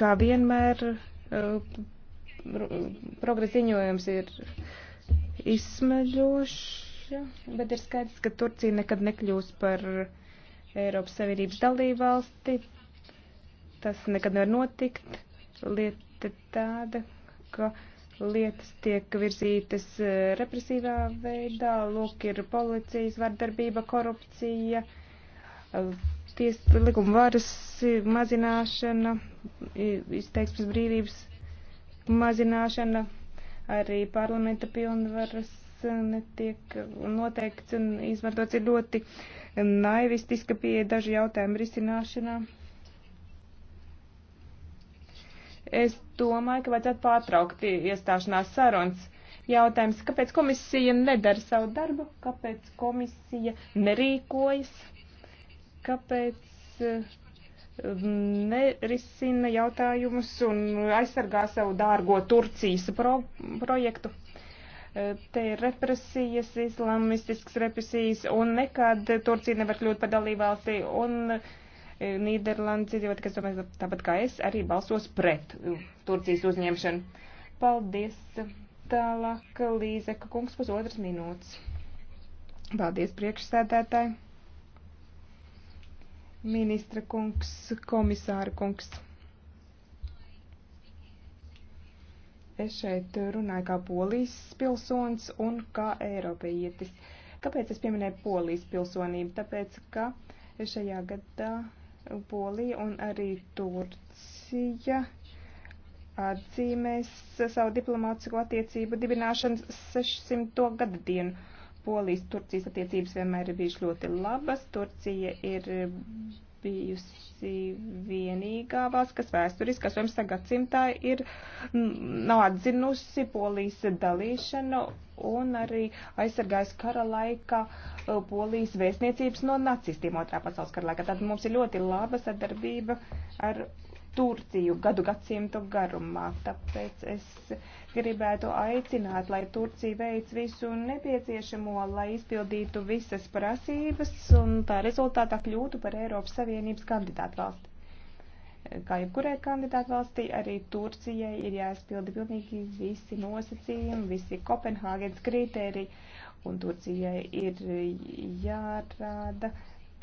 Kā vienmēr, eh, progresiņojums ir izsmeļošs bet ir skaidrs, ka Turcija nekad nekļūs par Eiropas Savienības dalību valsti. Tas nekad nevar notikt. Lieta tāda, ka lietas tiek virzītas e, represīvā veidā, lūk ir policijas vardarbība, korupcija, ties, likuma varas mazināšana, izteiksmes brīvības mazināšana, arī parlamenta pilnvaras netiek noteikts un izmantots, ir ļoti naivistiska pieeja dažu jautājumu risināšanā. Es domāju, ka vajadzētu pārtraukt iestāšanās sarunas. Jautājums, kāpēc komisija nedara savu darbu, kāpēc komisija nerīkojas, kāpēc eh, nerisina jautājumus un aizsargā savu dārgo Turcijas pro projektu. Te ir represijas, islamistisks represijas, un nekad Turcija nevar kļūt par dalībvalsti, un e, Nīderlandes iedzīvotāji, kas domā tāpat kā es, arī balsos pret e, Turcijas uzņemšanu. Paldies! Tālāk Līzeka kungs pusotras minūtes. Paldies priekšsēdētāji! Ministra kungs, komisāra kungs. Es šeit runāju kā polijas pilsonis un kā eiropietis. Kāpēc es pieminēju polijas pilsonību? Tāpēc, ka šajā gadā Polija un arī Turcija atzīmēs savu diplomātisko attiecību dibināšanas 600. gada dienu. Polijas Turcijas attiecības vienmēr ir bijušas ļoti labas. Turcija ir bijusi vienīgā valsts, kas vēsturiski 18. gadsimtā ir nav atzinusi polijas dalīšanu un arī aizsargājusi kara laikā e, polijas vēstniecības no nacistiem otrā pasaules kara laikā. Tad mums ir ļoti laba sadarbība ar Turciju gadu gadsimtu garumā. Tāpēc es gribētu aicināt, lai Turcija veic visu nepieciešamo, lai izpildītu visas prasības un tā rezultātā kļūtu par Eiropas Savienības kandidātu valsti. Kā jebkurai kandidātu valstī, arī Turcijai ir jāizpilda pilnīgi visi nosacījumi, visi Kopenhāgens kriteriji, un Turcijai ir jārāda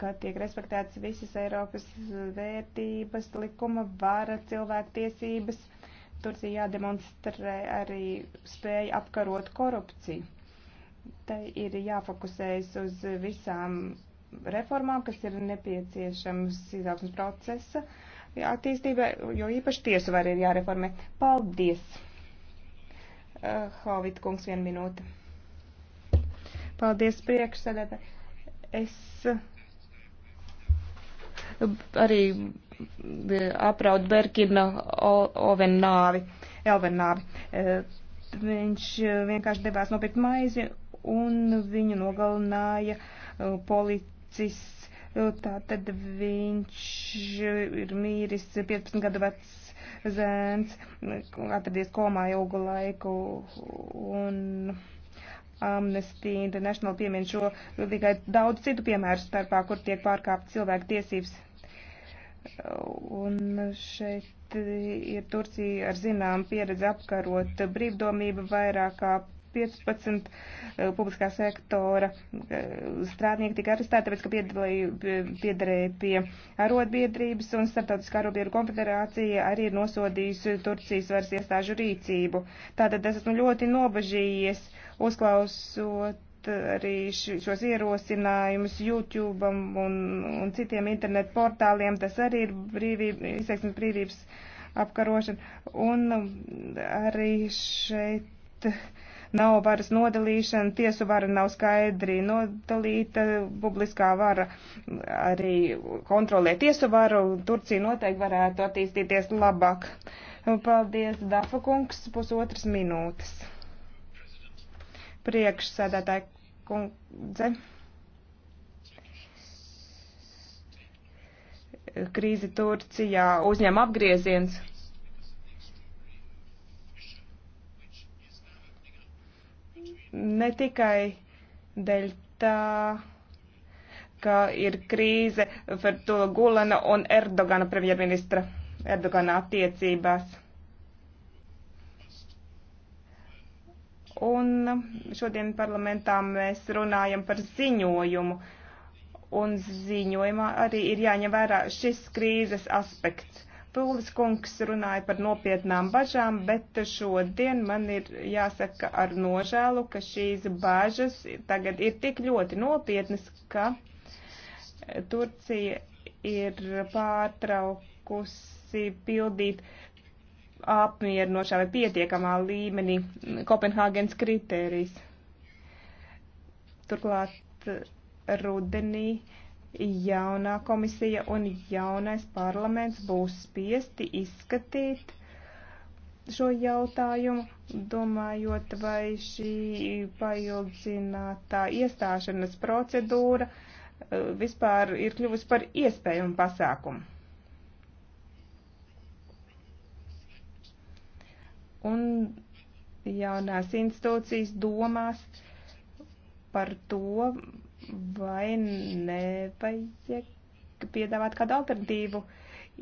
ka tiek respektētas visas Eiropas vērtības, likuma vara, cilvēktiesības. tiesības Turcija jādemonstrē arī spēja apkarot korupciju. Te ir jāfokusējas uz visām reformām, kas ir nepieciešams izaugsmas procesa attīstībai, jo īpaši tiesu var ir jāreformē. Paldies! Uh, Hovit kungs, viena minūte. Paldies priekšsēdētāji. Es eh, arī apraud Berkina Oven nāvi, Elven nāvi. E, viņš vienkārši devās nopirkt maizi un viņu nogalināja e, policists. E, Tātad viņš ir mīris 15 gadu vecs zēns, atradies komā ilgu laiku. Un, Amnesty International piemin šo tikai daudz citu piemēru starpā, kur tiek pārkāpt cilvēku tiesības Un šeit ir Turcija ar zinām pieredzi apkarot brīvdomību vairāk kā 15 eh, publiskā sektora eh, strādnieki tika arestēti, tāpēc, ka piederēja pie arotbiedrības un Startautiskā arotbiedru konfederācija arī ir nosodījusi Turcijas varas iestāžu rīcību. Tātad es esmu ļoti nobažījies uzklausot arī šos ierosinājumus YouTube un, un citiem internetu portāliem. Tas arī ir brīvība, izteiksmes brīvības apkarošana. Un arī šeit nav varas nodalīšana, tiesu vara nav skaidri nodalīta, publiskā vara arī kontrolē tiesu varu. Turcija noteikti varētu attīstīties labāk. Paldies, Dafa kungs, pusotras minūtes priekšsēdētāja kundze. Krīze Turcijā uzņem apgrieziens. Ne tikai dēļ tā, ka ir krīze Fertula Gulana un Erdogana premjerministra Erdogana attiecībās. Un šodien parlamentā mēs runājam par ziņojumu. Un ziņojumā arī ir jāņem vērā šis krīzes aspekts. Pūlis kungs runāja par nopietnām bažām, bet šodien man ir jāsaka ar nožēlu, ka šīs bažas tagad ir tik ļoti nopietnas, ka Turcija ir pārtraukusi pildīt apmierinošā vai pietiekamā līmenī Kopenhāgenes kritērijas. Turklāt eh, rudenī jaunā komisija un jaunais parlaments būs spiesti izskatīt šo jautājumu, domājot, vai šī paildzinātā iestāšanas procedūra eh, vispār ir kļuvusi par iespējumu pasākumu. un jaunās institūcijas domās par to, vai nevajag piedāvāt kādu alternatīvu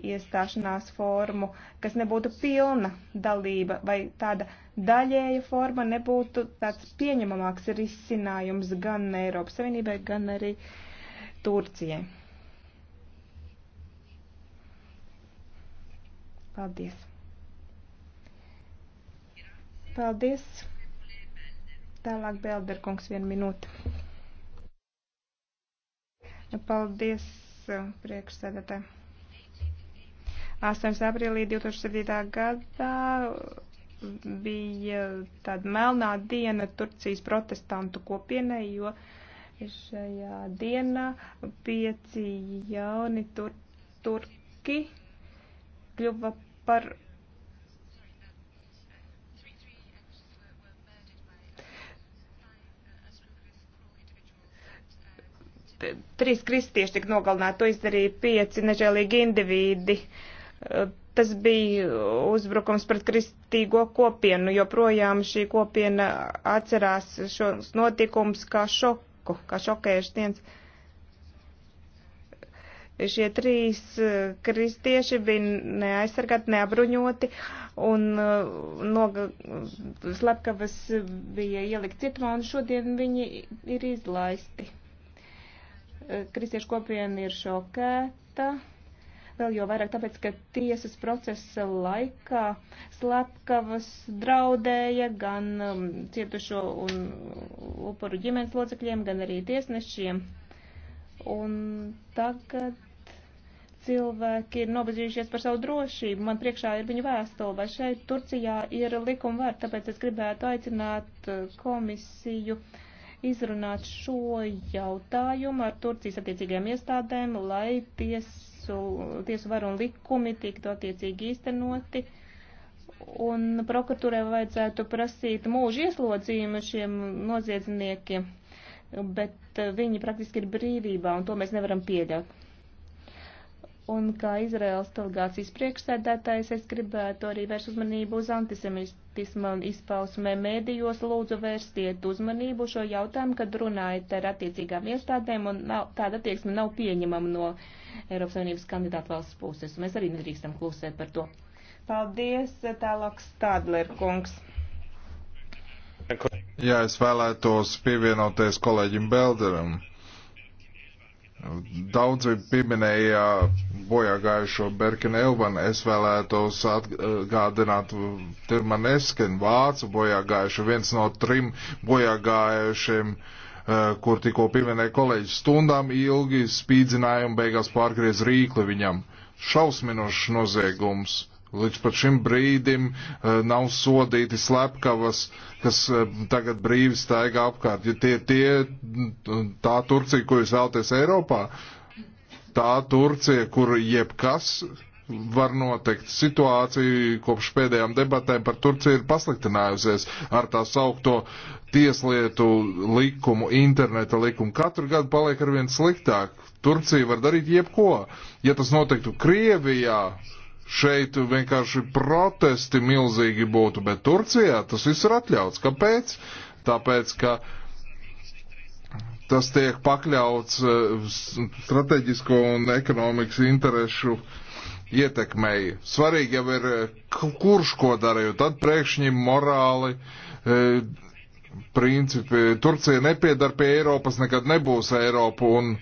iestāšanās formu, kas nebūtu pilna dalība vai tāda daļēja forma nebūtu tāds pieņemamāks risinājums gan Eiropas Savienībai, gan arī Turcijai. Paldies! Paldies. Tālāk Bēlderkungs vienu minūti. Paldies, uh, priekšsēdētē. 8. aprīlī 2007. gadā bija tāda melnā diena Turcijas protestantu kopienai, jo šajā dienā pieci jauni tur turki kļuva par trīs kristieši tika nogalināti, to izdarīja pieci nežēlīgi individi. Eh, tas bija uzbrukums pret kristīgo kopienu, joprojām šī kopiena atcerās šos notikums kā šoku, kā šokējuši dienas. Šie trīs eh, kristieši bija neaizsargāti, neabruņoti, un eh, no slepkavas bija ielikt cietumā, un šodien viņi ir izlaisti kristiešu kopiena ir šokēta, vēl jo vairāk tāpēc, ka tiesas procesa laikā slepkavas draudēja gan um, cietušo un upuru ģimenes locekļiem, gan arī tiesnešiem. Un tagad cilvēki ir nobežījušies par savu drošību. Man priekšā ir viņa vēstule, vai šeit Turcijā ir likuma var, tāpēc es gribētu aicināt uh, komisiju uh, izrunāt šo jautājumu ar Turcijas attiecīgajām iestādēm, lai tiesu, tiesu varu un likumi tiktu attiecīgi īstenoti. Un prokuratūrai vajadzētu prasīt mūža ieslodzījumu šiem noziedzniekiem, bet eh, viņi praktiski ir brīvībā, un to mēs nevaram pieļaut. Un kā Izraels delegācijas priekšsēdētājs, es gribētu arī vērst uzmanību uz antisemitisma izpausmē mēdījos. Lūdzu, vērstiet uzmanību šo jautājumu, kad runājat ar attiecīgām iestādēm, un nav, tāda attieksme nav pieņemama no Eiropas Savienības kandidātu valsts puses. Mēs arī nedrīkstam klusēt par to. Paldies, tālāk Stādler kungs.
Jā, es vēlētos pievienoties kolēģim Belderam. Daudzi pieminēja bojā gājušo Berkinu Elvanu. Es vēlētos atgādināt Tirman Eskenu, vācu bojā gājušu, viens no trim bojā gājušiem, eh, kur tikko pieminēja kolēģis. Stundām ilgi spīdzinājumi beigās pārgriez rīkli viņam. Šausminošs noziegums Līdz pat šim brīdim eh, nav sodīti slepkavas, kas eh, tagad brīvi staigā apkārt. Ja tie, tie, tā Turcija, ko jūs vēlaties Eiropā, tā Turcija, kur jebkas var notikt. Situācija kopš pēdējām debatēm par Turciju ir pasliktinājusies ar tā saukto tieslietu likumu, interneta likumu. Katru gadu paliek arvien sliktāk. Turcija var darīt jebko. Ja tas notiktu Krievijā, Šeit vienkārši protesti milzīgi būtu, bet Turcijā tas viss ir atļauts. Kāpēc? Tāpēc, ka tas tiek pakļauts eh, strateģisko un ekonomikas interesu ietekmei. Svarīgi jau ir, eh, kurš ko dara, jo tad priekšņi morāli eh, principi. Turcija nepiedar pie Eiropas, nekad nebūs Eiropa, un,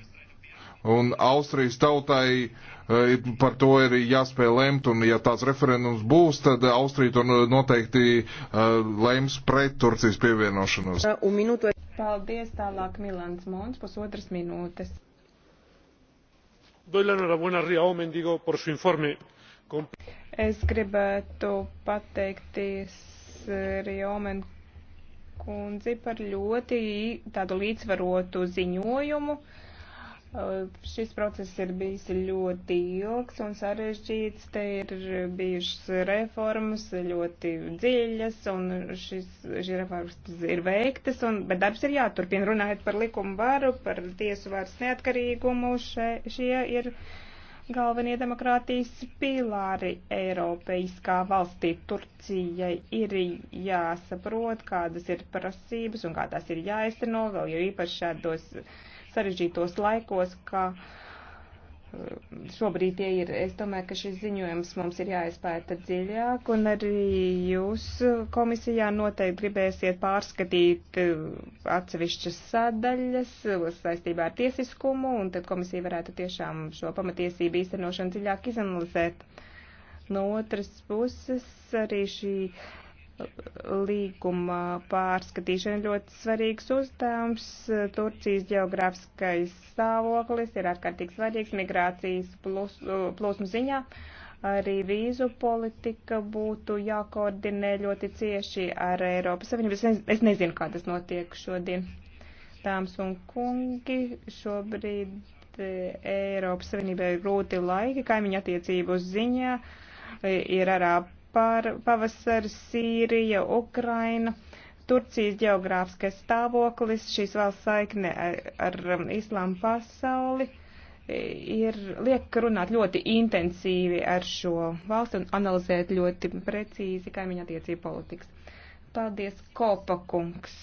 un Austrijas tautai Eh, par to ir jāspēj lemt, un ja tāds referendums būs, tad Austrija to noteikti eh, lems pret Turcijas pievienošanos.
Eh, Paldies, tālāk Milans Mons, pusotras minūtes.
Doy la enhorabuena a Ria Omen, digo, por su informe.
Es gribētu pateikties Riomen kundzi par ļoti tādu līdzvarotu ziņojumu. Uh, Šis process ir bijis ļoti ilgs un sarežģīts. Te ir bijušas reformas ļoti dziļas, un šis, šī reformas ir veiktas, un, bet darbs ir jāturpina. Runājot par likumu varu, par tiesu varas neatkarīgumu, še, šie ir galvenie demokrātijas pīlāri Eiropeiskā valstī. Turcijai ir jāsaprot, kādas ir prasības un kā tās ir jāizteno, vēl jo īpaši šādos sarežģītos laikos, kā eh, šobrīd tie ir. Es domāju, ka šis ziņojums mums ir jāizpēta dziļāk, un arī jūs komisijā noteikti gribēsiet pārskatīt eh, atsevišķas sadaļas eh, saistībā ar tiesiskumu, un tad komisija varētu tiešām šo pamatiesību īstenošanu dziļāk izanalizēt. No otras puses arī šī līguma pārskatīšana ļoti svarīgs uzdevums. Turcijas geogrāfiskais stāvoklis ir ārkārtīgi svarīgs migrācijas plūsmu ziņā. Arī vīzu politika būtu jākoordinē ļoti cieši ar Eiropas Savienību. Es nezinu, kā tas notiek šodien. Dāmas un kungi, šobrīd eh, Eiropas Savienībai ir grūti laiki, kaimiņa attiecību ziņā eh, ir arā par pavasaru Sīrija, Ukraina, Turcijas geogrāfiskais stāvoklis, šīs valsts saikne ar, ar um, islāmu pasauli ir liek runāt ļoti intensīvi ar šo valstu un analizēt ļoti precīzi kaimiņa attiecību politikas. Paldies, Kopa kungs.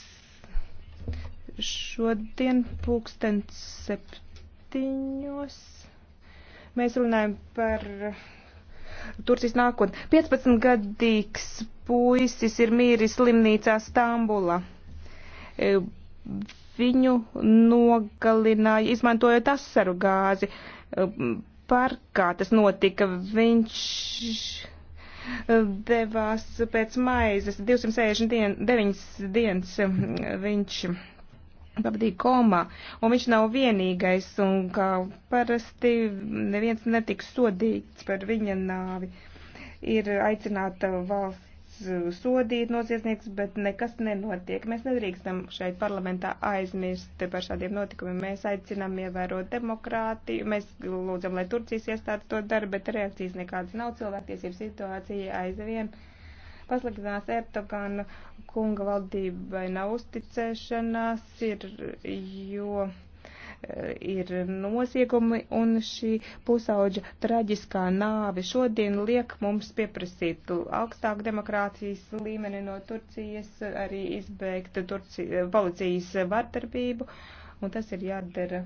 Šodien pūkstens septiņos mēs runājam par Turcijas nākotni. 15-gadīgs puisis ir mīris slimnīcā Stambulā. E, viņu nogalināja, izmantojot asaru gāzi. E, Parkā tas notika. Viņš e, devās pēc maizes 269 dienas. Viņš pavadīja komā, un viņš nav vienīgais, un kā parasti neviens netiks sodīts par viņa nāvi. Ir aicināta valsts sodīt noziedznieks, bet nekas nenotiek. Mēs nedrīkstam šeit parlamentā aizmirst par šādiem notikumiem. Mēs aicinām ievērot demokrātiju, mēs lūdzam, lai Turcijas iestādes to dara, bet reakcijas nekādas nav. Cilvēktiesību situācija aizvien. Uh, pasliktinās Erdogana kunga valdībai nav uzticēšanās, ir, jo eh, ir noziegumi un šī pusauģa traģiskā nāve šodien liek mums pieprasīt augstāku demokrātijas līmeni no Turcijas, arī izbeigt Turcija, policijas vardarbību, un tas ir jādara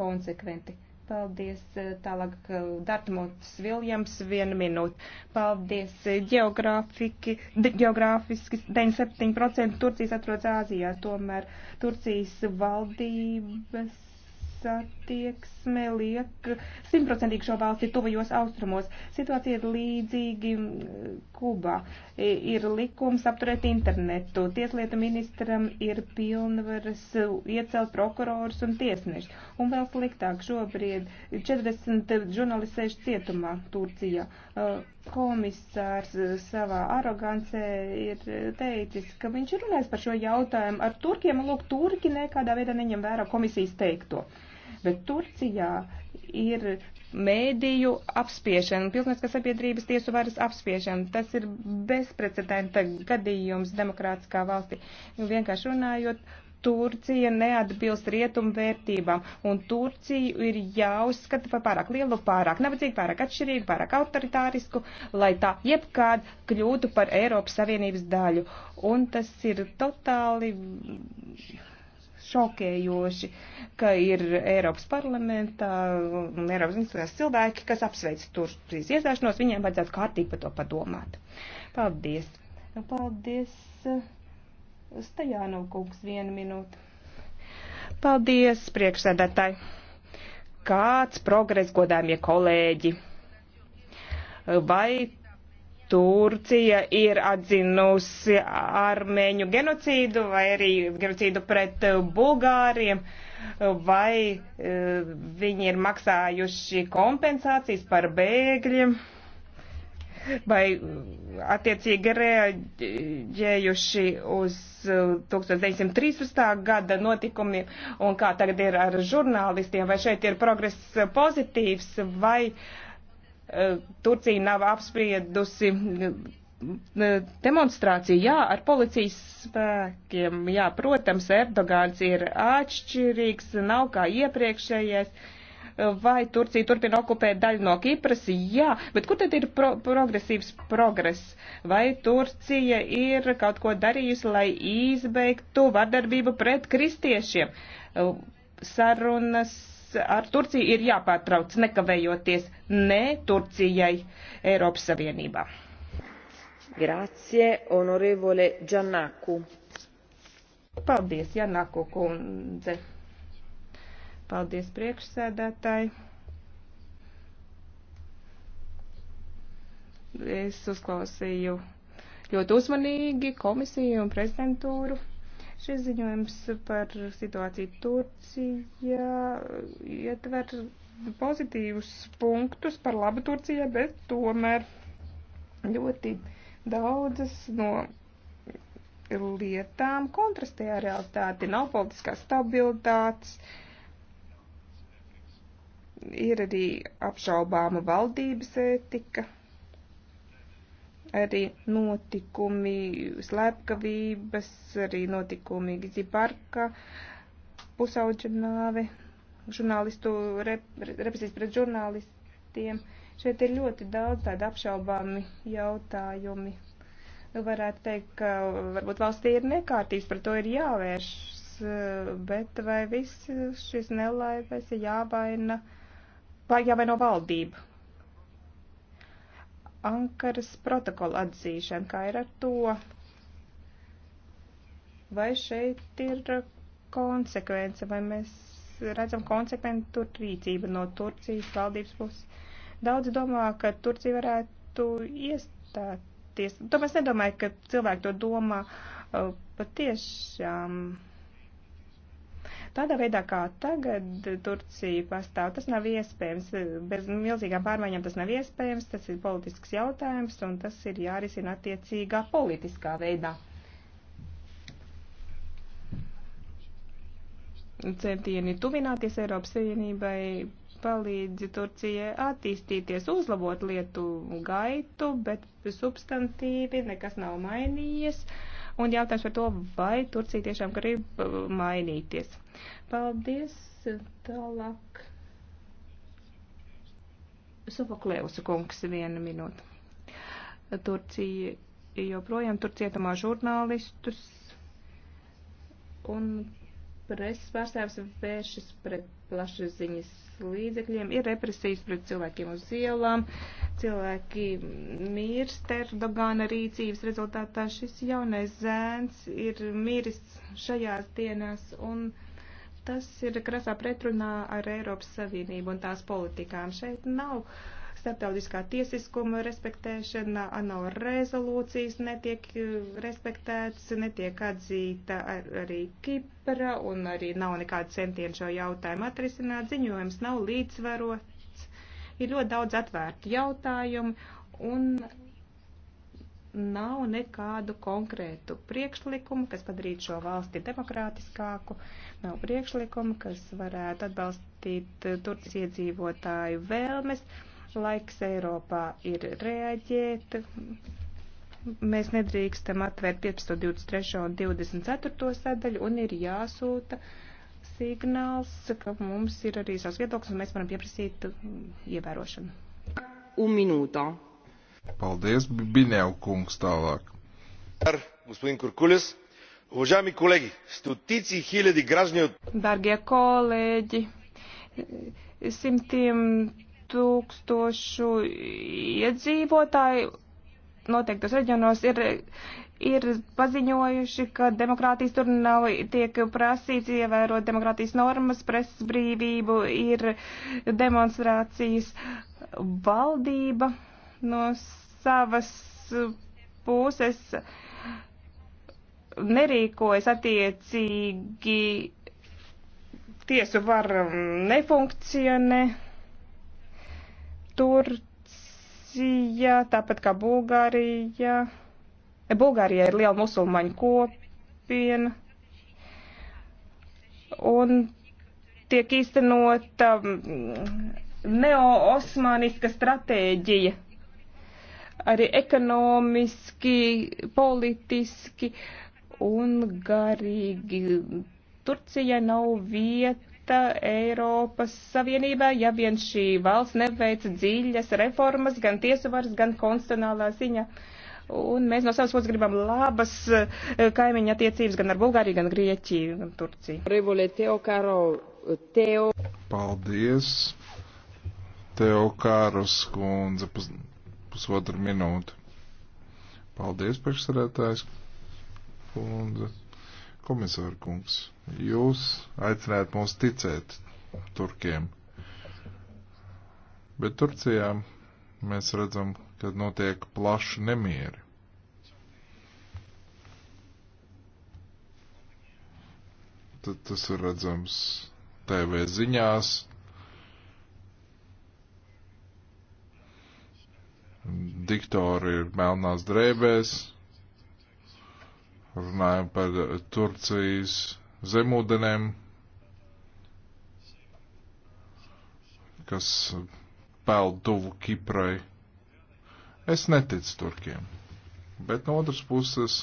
konsekventi. Paldies. Eh, tālāk eh, Dartmūts Viljams, viena minūte. Paldies. Eh, geogrāfiski, geogrāfiski 97% Turcijas atrodas Āzijā, tomēr Turcijas valdības satieksme liek simtprocentīgi šo valsti tuvajos austrumos. Situācija ir līdzīgi Kubā ir likums apturēt internetu. Tieslietu ministram ir pilnvaras iecelt prokurors un tiesnešus. Un vēl sliktāk šobrīd 40 žurnālisti sēž cietumā Turcijā. Uh, komisārs uh, savā arogancē ir uh, teicis, ka viņš runās par šo jautājumu ar turkiem, un lūk, turki nekādā veidā neņem vērā komisijas teikto. Bet Turcijā ir mēdīju apspiešana, pilsnetiskas sabiedrības tiesu varas apspiešana. Tas ir bezprecedenta gadījums demokrātiskā valstī. Vienkārši runājot, Turcija neatbilst rietumu vērtībām, un Turciju ir jāuzskata par pārāk lielu, pārāk nabadzīgu, pārāk atšķirīgu, pārāk autoritārisku, lai tā jebkād kļūtu par Eiropas Savienības daļu. Un tas ir totāli šokējoši, ka ir Eiropas parlamentā un Eiropas institūcijās cilvēki, kas apsveic Turcijas iestāšanos, viņiem vajadzētu kārtīgi par to padomāt. Paldies. Nu, paldies. Stajānov kungs vienu minūtu. Paldies, priekšsēdētāji. Kāds progress, godāmie kolēģi? Vai Turcija ir atzinusi armēņu genocīdu vai arī genocīdu pret eh, Bulgāriem, vai eh, viņi ir maksājuši kompensācijas par bēgļiem, vai eh, attiecīgi reaģējuši uz 1913. gada notikumiem, un kā tagad ir ar žurnālistiem, vai šeit ir progress pozitīvs, vai uh, Turcija nav apspriedusi demonstrāciju, jā, ar policijas spēkiem, jā, protams, Erdogāns ir atšķirīgs, nav kā iepriekšējais, vai Turcija turpina okupēt daļu no Kipras, jā, bet kur tad ir pro progresīvs progress? Vai Turcija ir kaut ko darījusi, lai izbeigtu vardarbību pret kristiešiem? Sarunas ar Turciju ir jāpārtrauc nekavējoties ne Turcijai Eiropas Savienībā. Grazie, honorevole Giannaku. Paldies, Janaku kundze. Paldies, priekšsēdētāji. Es uzklausīju ļoti uzmanīgi komisiju un prezidentūru. Šis ziņojums par situāciju Turcijā ietver pozitīvus punktus par labu Turcijā, bet tomēr ļoti daudzas no lietām kontrastē ar realitāti. Nav politiskās stabilitātes, ir arī apšaubāma valdības ētika arī notikumi slepkavības, arī notikumi Giziparka, pusauģa nāve, žurnālistu, rep, represijas pret žurnālistiem. Šeit ir ļoti daudz tādu apšaubāmi jautājumi. Nu, varētu teikt, ka varbūt valstī ir nekārtības, par to ir jāvēršas, bet vai viss šis nelaimēs ir jāvaina, vai jāvaino valdību? Ankaras protokola atzīšana, kā ir ar to? Vai šeit ir konsekvence, vai mēs redzam konsekventu rīcību no Turcijas valdības puses? Daudz domā, ka Turcija varētu iestāties. To mēs nedomāju, ka cilvēki to domā uh, patiešām. Um, Tādā veidā, kā tagad Turcija pastāv, tas nav iespējams. Bez milzīgām pārmaiņām tas nav iespējams, tas ir politisks jautājums un tas ir jārisina attiecīgā politiskā veidā. Centieni tuvināties Eiropas Savienībai palīdz Turcijai attīstīties, uzlabot lietu gaitu, bet substantīvi nekas nav mainījies. Uh, un jautājums par to, vai Turcija tiešām grib uh, mainīties. Paldies, tālāk. Sofoklēvs kungs, viena minūte. Turcija joprojām tur cietumā žurnālistus un preses pārstāvis vēršas pret plašsaziņas līdzekļiem ir represijas pret cilvēkiem uz ielām, cilvēki mirst Erdogana rīcības rezultātā. Šis jaunais zēns ir miris šajās dienās un tas ir krasā pretrunā ar Eiropas Savienību un tās politikām. Šeit nav starptautiskā tiesiskuma respektēšana, ANO rezolūcijas netiek e, respektētas, netiek atzīta ar, arī Kipra un arī nav nekāda centiena šo jautājumu atrisināt, ziņojums nav līdzsvarots, ir ļoti daudz atvērtu jautājumu un nav nekādu konkrētu priekšlikumu, kas padarītu šo valsti demokrātiskāku, nav priekšlikumu, kas varētu atbalstīt Turcijas iedzīvotāju vēlmes. Laiks Eiropā ir reaģēt. Mēs nedrīkstam atvērt 15, 23 un 24 sadaļu un ir jāsūta signāls, ka mums ir arī savs viedoklis un mēs varam pieprasīt ievērošanu. Un minūtā.
Paldies, Biņēv kungs tālāk. Ar господин Куркулес, уважаеми колеги, стотици хиляди граждани от...
Дорогие колеги, simtiem tūkstošu iedzīvotāju noteiktos reģionos ir, ir paziņojuši, ka demokrātijas tur nav tiek prasīts ievērot demokrātijas normas, presas brīvību, ir demonstrācijas valdība no savas puses nerīkojas attiecīgi, tiesu var nefunkcionē. Turcija, tāpat kā Bulgārija. Bulgārija ir liela musulmaņu kopiena. Un tiek īstenota mm, neo-osmāniska stratēģija. Arī ekonomiski, politiski un garīgi. Turcija nav vieta vieta Eiropas Savienībā, ja vien šī valsts neveic dziļas reformas gan tiesvaras, gan konstitucionālā ziņa. Un mēs no savas puses gribam labas eh, kaimiņa attiecības gan ar Bulgāriju, gan Grieķiju, gan Turciju.
Paldies, Teokārus kundze, pus, pusotru minūti. Paldies, priekšsarētājs kundze, komisāra kungs. Jūs aicināt mūs ticēt turkiem. Bet Turcijā mēs redzam, ka notiek plaši nemieri. Tad tas ir redzams TV ziņās. Diktori ir melnās drēbēs. Runājam par Turcijas zemūdenēm, kas peld tuvu Kiprai. Es neticu turkiem, bet no otras puses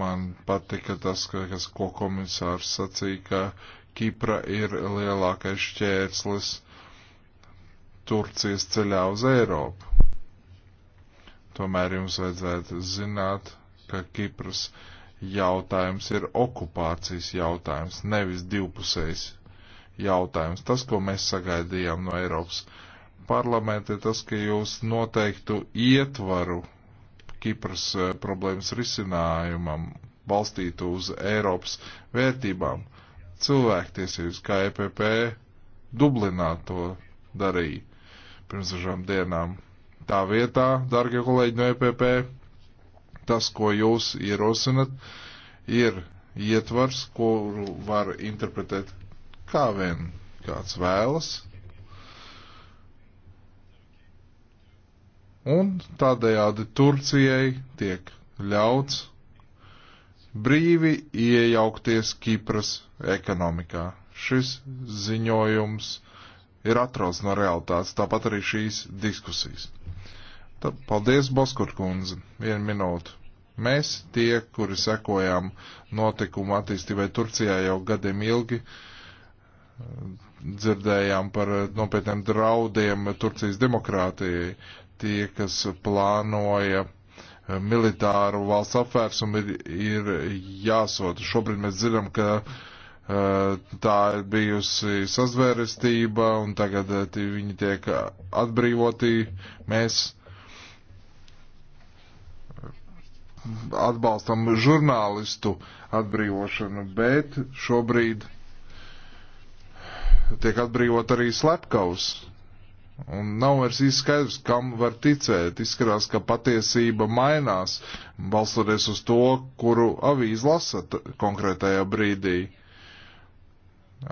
man patika tas, ka, kas, ko komisārs sacīja, ka Kipra ir lielākais šķērslis Turcijas ceļā uz Eiropu. Tomēr jums vajadzētu zināt, ka Kipras uh, jautājums ir okupācijas jautājums, nevis divpusējs jautājums. Tas, ko mēs sagaidījām no Eiropas parlamenta, ir tas, ka jūs noteiktu ietvaru Kipras eh, problēmas risinājumam balstītu uz Eiropas vērtībām. Cilvēktiesības, kā EPP Dublinā to darīja pirms dažām dienām. Tā vietā, dārgie kolēģi no EPP, Tas, ko jūs ierosinat, ir ietvars, kuru var interpretēt kā vien kāds vēlas. Un tādējādi Turcijai tiek ļauts brīvi iejaukties Kipras ekonomikā. Šis ziņojums ir atrauts no realitātes, tāpat arī šīs diskusijas. Tad, paldies, Boskurkundze, vienu minūtu. Mēs, tie, kuri sekojām notikumu attīstībai Turcijā jau gadiem ilgi, dzirdējām par nopietniem draudiem Turcijas demokrātijai. Tie, kas plānoja militāru valsts apvērsumu, ir, ir jāsota. Šobrīd mēs zinām, ka eh, tā ir bijusi sazvērestība un tagad eh, viņi tiek atbrīvotī. Mēs atbalstam žurnālistu atbrīvošanu, bet šobrīd tiek atbrīvot arī slepkavs. Un nav vairs īsti skaidrs, kam var ticēt. Izskatās, ka patiesība mainās, balstoties uz to, kuru avīzi lasat konkrētajā brīdī.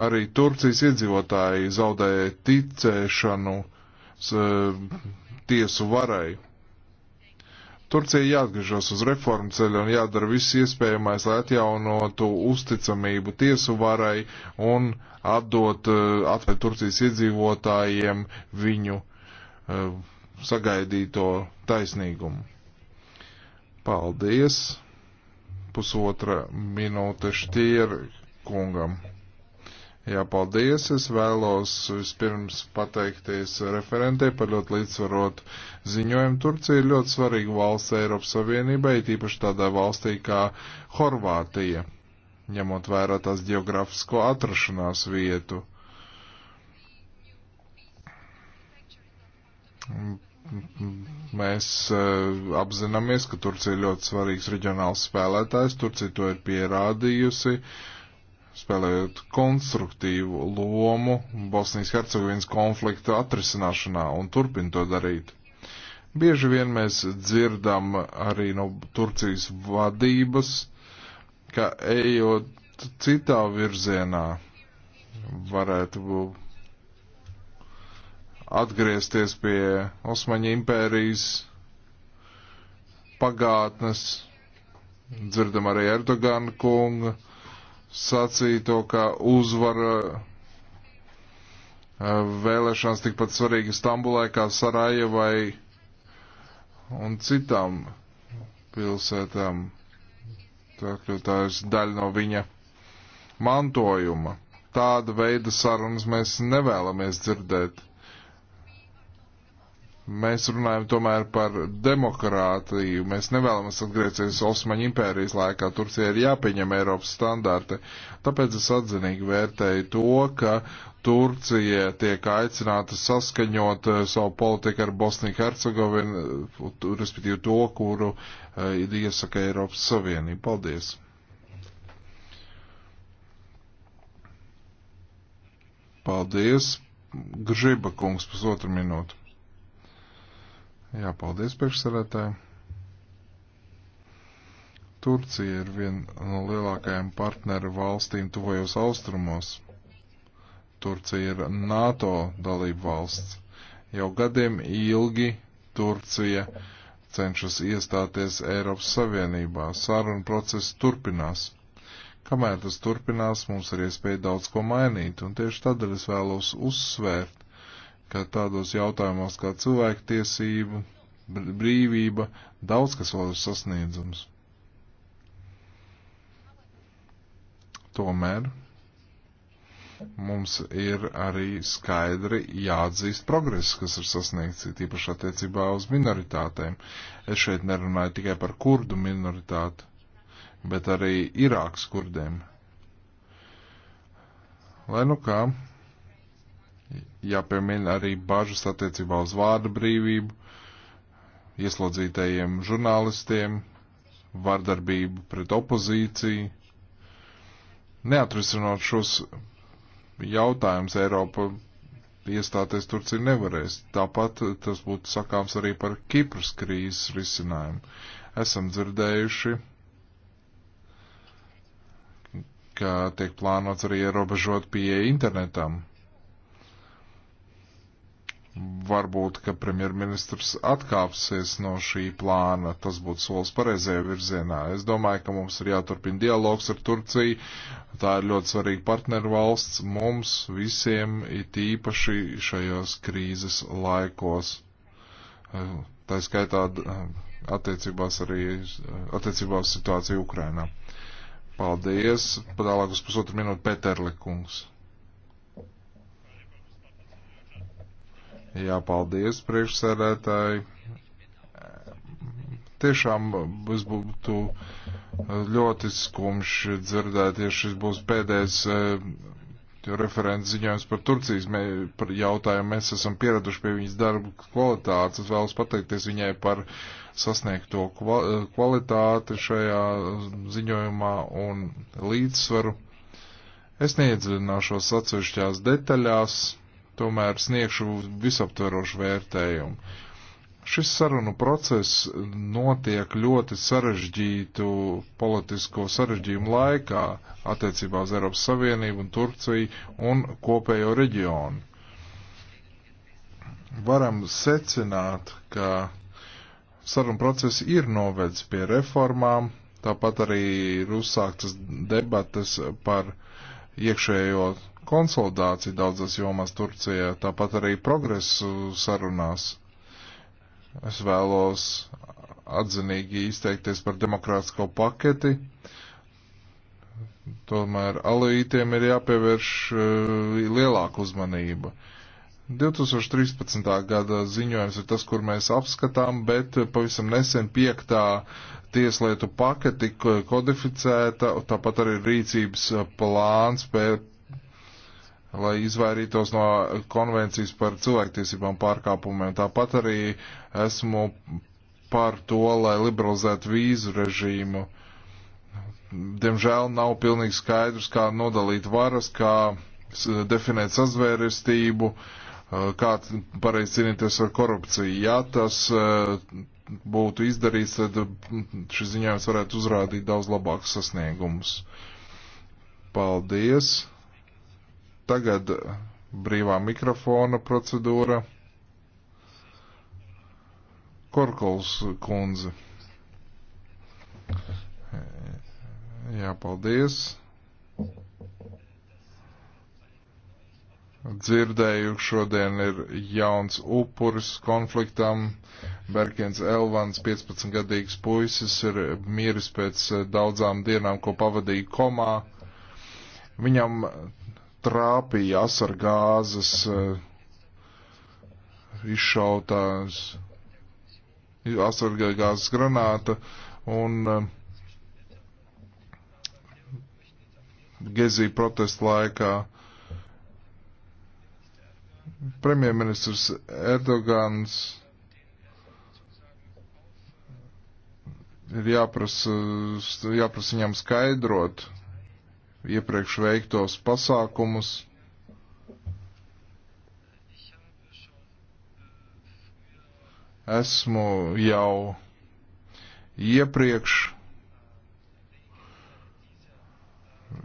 Arī Turcijas iedzīvotāji zaudēja ticēšanu tiesu varai. Turcija jāatgriežas uz reformu ceļa un jādara viss iespējamais, lai atjaunotu uzticamību tiesu varai un atdot eh, atvērt Turcijas iedzīvotājiem viņu eh, sagaidīto taisnīgumu. Paldies! Pusotra minūte šķier kungam. Jā, paldies. Es vēlos vispirms pateikties referentē par ļoti līdzsvarotu ziņojumu. Turcija ir ļoti svarīga valsts Eiropas Savienībai, tīpaši tādā valstī kā Horvātija, ņemot vērā tās geogrāfisko atrašanās vietu. Mēs uh, apzināmies, ka Turcija ir ļoti svarīgs reģionāls spēlētājs. Turcija to ir pierādījusi. Uh, spēlējot konstruktīvu lomu Bosnijas Hercegovinas konflikta atrisināšanā un turpin to darīt. Bieži vien mēs dzirdam arī no Turcijas vadības, ka ejot citā virzienā varētu atgriezties pie Osmaņu impērijas pagātnes. Dzirdam arī Erdogana kunga sacīto, ka uzvara eh, vēlēšanas tikpat svarīgi Stambulai kā Sarajevai un citām pilsētām. Tā, tā ir daļa no viņa mantojuma. Tāda veida sarunas mēs nevēlamies dzirdēt. Mēs runājam tomēr par demokrātiju. Mēs nevēlamies atgriezties Osmaņu impērijas laikā. Turcija ir jāpieņem Eiropas standarti. Tāpēc es atzinīgi vērtēju to, ka Turcija tiek aicināta saskaņot eh, savu politiku ar Bosniju Hercegovinu, eh, respektīvi to, kuru eh, iesaka Eiropas Savienība. Paldies! Paldies! Gžiba kungs, pusotru minūtu. Jā, paldies priekšsarētāji. Turcija ir viena no lielākajām partneru valstīm tuvajos austrumos. Turcija ir NATO dalība valsts. Jau gadiem ilgi Turcija cenšas iestāties Eiropas Savienībā. Sāruna process turpinās. Kamēr tas turpinās, mums ir iespēja daudz ko mainīt, un tieši tādēļ es vēlos uzsvērt, ka tādos jautājumos kā cilvēktiesība, brīvība, daudz kas vēl ir sasniedzams. Tomēr mums ir arī skaidri jāatzīst progress, kas ir sasniegts, tīpaši attiecībā uz minoritātēm. Es šeit nerunāju tikai par kurdu minoritāti, bet arī Irākas kurdiem. Lai nu kā, Jāpiemin arī bažas attiecībā uz vārdu brīvību, ieslodzītajiem žurnālistiem, vardarbību pret opozīciju. Neatrisinot šos jautājumus, Eiropa iestāties Turcija nevarēs. Tāpat tas būtu sakāms arī par Kipras krīzes risinājumu. Esam dzirdējuši, ka tiek plānots arī ierobežot pieeja internetam. Varbūt, ka premjerministrs atkāpsies no šī plāna, tas būtu solis pareizajā virzienā. Es domāju, ka mums ir jāturpina dialogs ar Turciju, tā ir ļoti svarīga partneru valsts mums visiem, it īpaši šajos krīzes laikos. Tā skaitā eh, attiecībās arī eh, attiecībās situācija Ukrainā. Paldies, tālāk uz pusotru minūtu Peterle kungs. Jā, paldies priekšsēdētāji. Tiešām es būtu ļoti skumši dzirdēt, ja šis būs pēdējais eh, referents ziņojums par Turcijas mē, par jautājumu. Mēs esam pieraduši pie viņas darba kvalitātes. Es vēlos pateikties viņai par sasniegto kvalitāti šajā ziņojumā un līdzsvaru. Es neiedziļināšos atsevišķās detaļās tomēr sniegšu visaptverošu vērtējumu. Šis sarunu process notiek ļoti sarežģītu politisko sarežģījumu laikā attiecībā uz Eiropas Savienību un Turciju un kopējo reģionu. Varam secināt, ka sarunu process ir novedis pie reformām, tāpat arī ir uzsāktas debatas par iekšējo konsolidāciju daudzas jomās Turcijā, tāpat arī progresu sarunās. Es vēlos atzinīgi izteikties par demokrātisko paketi. Tomēr alītiem ir jāpievērš eh, lielāka uzmanība. 2013. gada ziņojums ir tas, kur mēs apskatām, bet pavisam nesen piektā tieslietu paketi kodificēta, tāpat arī rīcības plāns pēc, lai izvairītos no konvencijas par cilvēktiesībām pārkāpumiem. Tāpat arī esmu par to, lai liberalizētu vīzu režīmu. Diemžēl nav pilnīgi skaidrs, kā nodalīt varas, kā definēt sazvērestību, eh, kā pareizi cīnīties ar korupciju. Ja tas eh, būtu izdarīts, tad šis ziņojums varētu uzrādīt daudz labākus sasniegumus. Paldies! Tagad brīvā mikrofona procedūra. Korkols kundze. Jā, paldies. Dzirdēju, šodien ir jauns upuris konfliktam. Berkins Elvans, 15-gadīgs puisis, ir miris pēc daudzām dienām, ko pavadīja komā. Viņam trāpīja asargāzes eh, izšautās asargāzes granāta un eh, Gezī protestu laikā premjerministrs Erdogans ir jāprasa, jāprasa viņam skaidrot, iepriekš veiktos pasākumus. Esmu jau iepriekš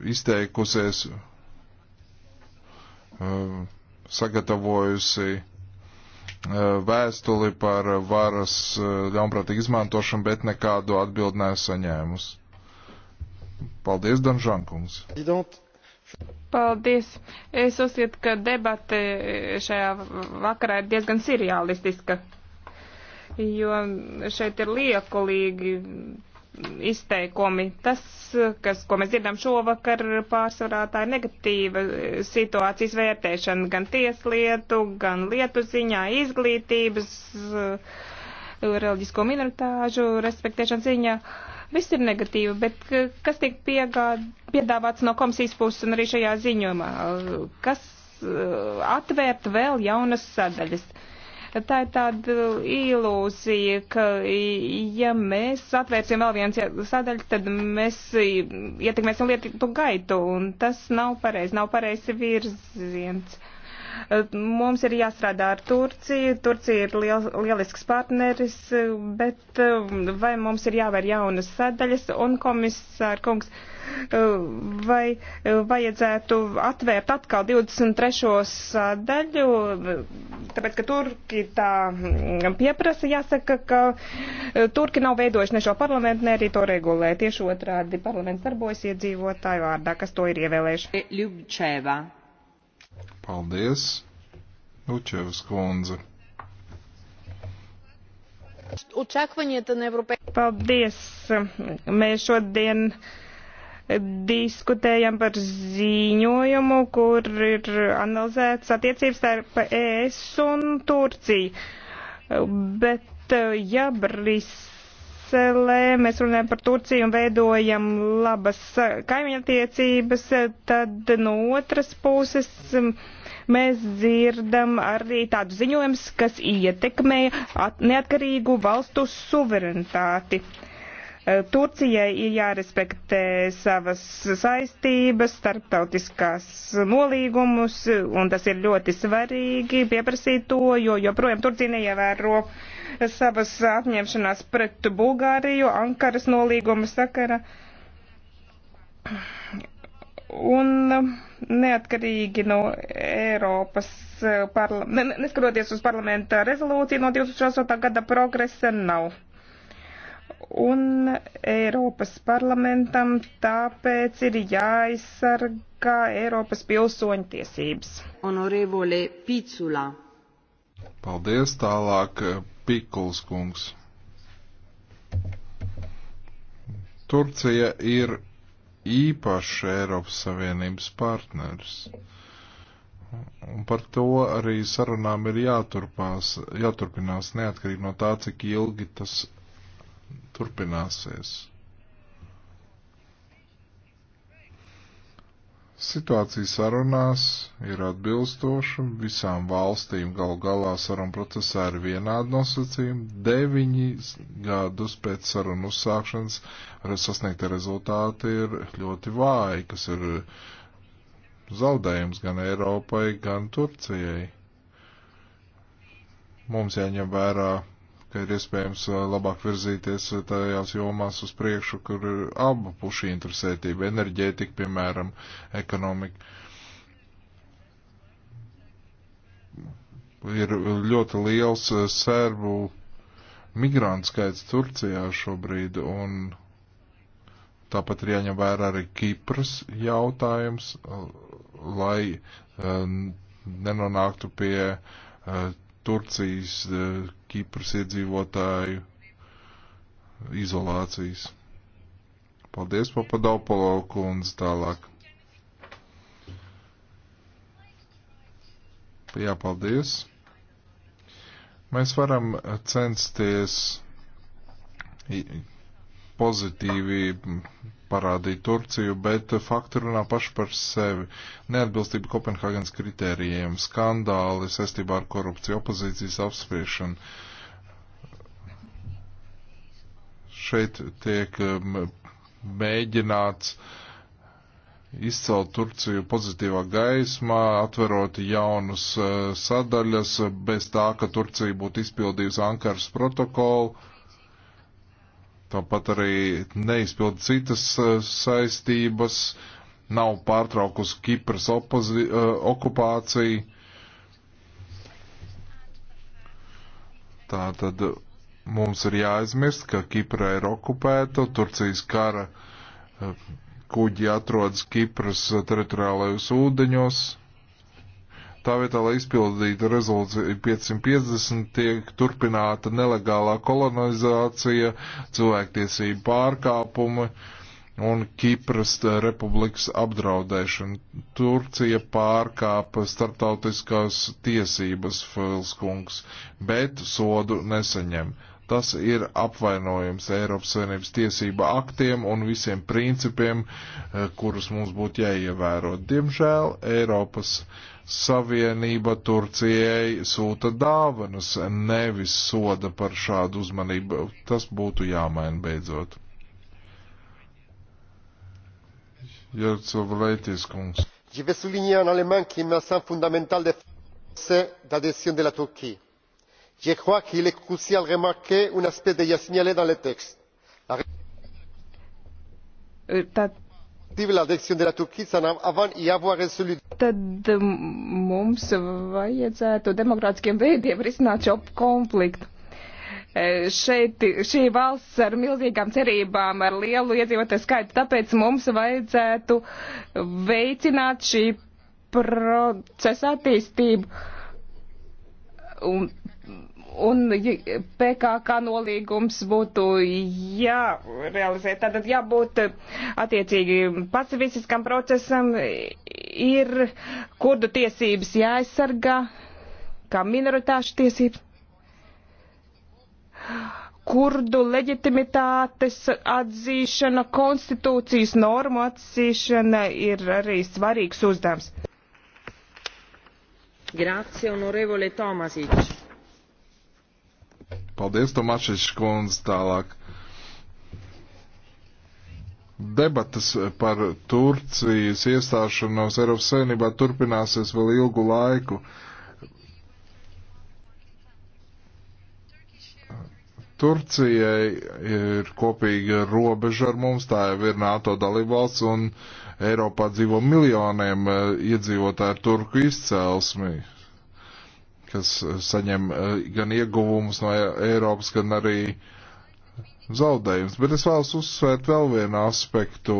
izteikusies, uh, sagatavojusi uh, vēstuli par varas uh, ļaunprātīgu izmantošanu, bet nekādu atbildi nesaņēmusi. Paldies, Danžankungs.
Paldies. Es uzskatu, ka debate šajā vakarā ir diezgan seriālistiska, jo šeit ir liekulīgi izteikumi. Tas, kas, ko mēs dzirdam šovakar, pārsvarā tā ir negatīva situācijas vērtēšana gan tieslietu, gan lietu ziņā, izglītības, reliģisko minoritāžu respektēšana ziņā. Uh, Viss ir negatīvi, bet kas tiek piegād, piedāvāts no komisijas puses un arī šajā ziņojumā? Kas uh, atvērt vēl jaunas sadaļas? tā ir tāda ilūzija, ka ja mēs atvērsim vēl viens sadaļu, tad mēs ietekmēsim lietu gaitu, un tas nav pareizi, nav pareizi virziens. Uh, Mums ir jāstrādā ar Turciju. Turcija ir liel, lielisks partneris, bet um, vai mums ir jāvēr jaunas sadaļas? Un komisār kungs, uh, vai uh, vajadzētu atvērt atkal 23. sadaļu, tāpēc, ka Turki tā mm, pieprasa, jāsaka, ka uh, Turki nav veidojuši ne šo parlamentu, ne arī to regulē. Tieši otrādi parlaments darbojas iedzīvotāju vārdā, kas to ir ievēlējuši. Ļubčēvā.
Paldies, Učevs kundze.
Paldies. Mēs šodien diskutējam par ziņojumu, kur ir analizēts attiecības starp ES un Turciju. Bet ja Briselē mēs runājam par Turciju un veidojam labas kaimiņattiecības, tad no otras puses. Um, mēs dzirdam arī tādu ziņojumus, kas ietekmēja neatkarīgu valstu suverenitāti. E, Turcijai ir jārespektē savas saistības, starptautiskās nolīgumus, un tas ir ļoti svarīgi pieprasīt to, jo joprojām Turcija neievēro savas apņemšanās pret Bulgāriju Ankaras nolīguma sakara un um, neatkarīgi no Eiropas, uh, parla... neskatoties uz parlamenta rezolūciju no 2008. gada progresa nav. Un Eiropas parlamentam tāpēc ir jāaizsargā Eiropas pilsoņu tiesības. Honorevole Picula.
Paldies tālāk, uh, Pikuls kungs. Turcija ir īpašs Eiropas Savienības partners. Un par to arī sarunām ir jāturpās, jāturpinās neatkarīgi no tā, cik ilgi tas turpināsies. Situācija sarunās ir atbilstoša visām valstīm. Gal galā saruna procesā ir vienāda nosacījuma. Deviņi gadus pēc sarunu uzsākšanas sasniegtie rezultāti ir ļoti vāji, kas ir zaudējums gan Eiropai, gan Turcijai. Mums jāņem vērā ka ir iespējams uh, labāk virzīties uh, tajās jomās uz priekšu, kur ir abu pušu interesētība - enerģētika, piemēram, ekonomika. Ir ļoti liels uh, sērbu migrantu skaits Turcijā šobrīd, un tāpat ir jāņem vērā arī Kipras jautājums, lai nenonāktu pie uh, Turcijas, Kipras iedzīvotāju izolācijas. Paldies, Papadopolo kundze, tālāk. Jā, paldies. Mēs varam censties pozitīvi parādīt Turciju, bet fakti runā paši par sevi. Neatbilstība Kopenhāgenes kritērijiem, skandāli saistībā ar korupciju, opozīcijas apspriešanu. Šeit tiek mēģināts izcelt Turciju pozitīvā gaismā, atverot jaunas eh, sadaļas, bez tā, ka Turcija būtu izpildījusi Ankaras protokolu tāpat arī neizpild citas e, saistības, nav pārtraukusi Kipras opozi, e, okupāciju. Tā tad mums ir jāaizmirst, ka Kipra ir okupēta, Turcijas kara e, kuģi atrodas Kipras teritoriālajos ūdeņos. Tā vietā, lai izpildītu rezolūciju 550, tiek turpināta nelegālā kolonizācija, cilvēktiesību pārkāpumi un Kipras republikas apdraudēšana. Turcija pārkāpa startautiskās tiesības, Filskungs, bet sodu neseņem. Tas ir apvainojums Eiropas Savienības tiesība aktiem un visiem principiem, eh, kurus mums būtu jāievēro. Diemžēl Eiropas uh, Savienība Turcijai sūta dāvanas, nevis soda par šādu uzmanību. Tas būtu jāmaina beidzot. Jārtsovlaitis kungs.
Je vais souligner en allemand qui me semble fondamental de d'adhésion de la Turquie. Je crois qu'il est crucial remarquer un aspect déjà signalé dans le texte. La... Tad Tad mums vajadzētu demokrātiskiem veidiem risināt šo konfliktu. E, šeit šī valsts ar milzīgām cerībām, ar lielu iedzīvotāju skaitu, tāpēc mums vajadzētu veicināt šī procesa attīstību. Un un PKK nolīgums būtu jārealizē. Tātad jābūt eh, attiecīgi pacifistiskam procesam, ir kurdu tiesības jāaizsargā, kā minoritāšu tiesības. Kurdu leģitimitātes atzīšana, konstitūcijas normu atzīšana ir arī svarīgs uzdevums. Grazie,
onorevole Tomasič.
Paldies, Tomaševičs kundze, tālāk. Debatas par Turcijas iestāšanos Eiropas Savienībā turpināsies vēl ilgu laiku. Turcijai ir kopīga robeža ar mums, tā jau ir NATO dalībvalsts, un Eiropā dzīvo miljoniem eh, iedzīvotāju turku izcelsmi kas eh, saņem eh, gan ieguvumus no e- Eiropas, gan arī zaudējumus. Bet es vēlos uzsvērt vēl vienu aspektu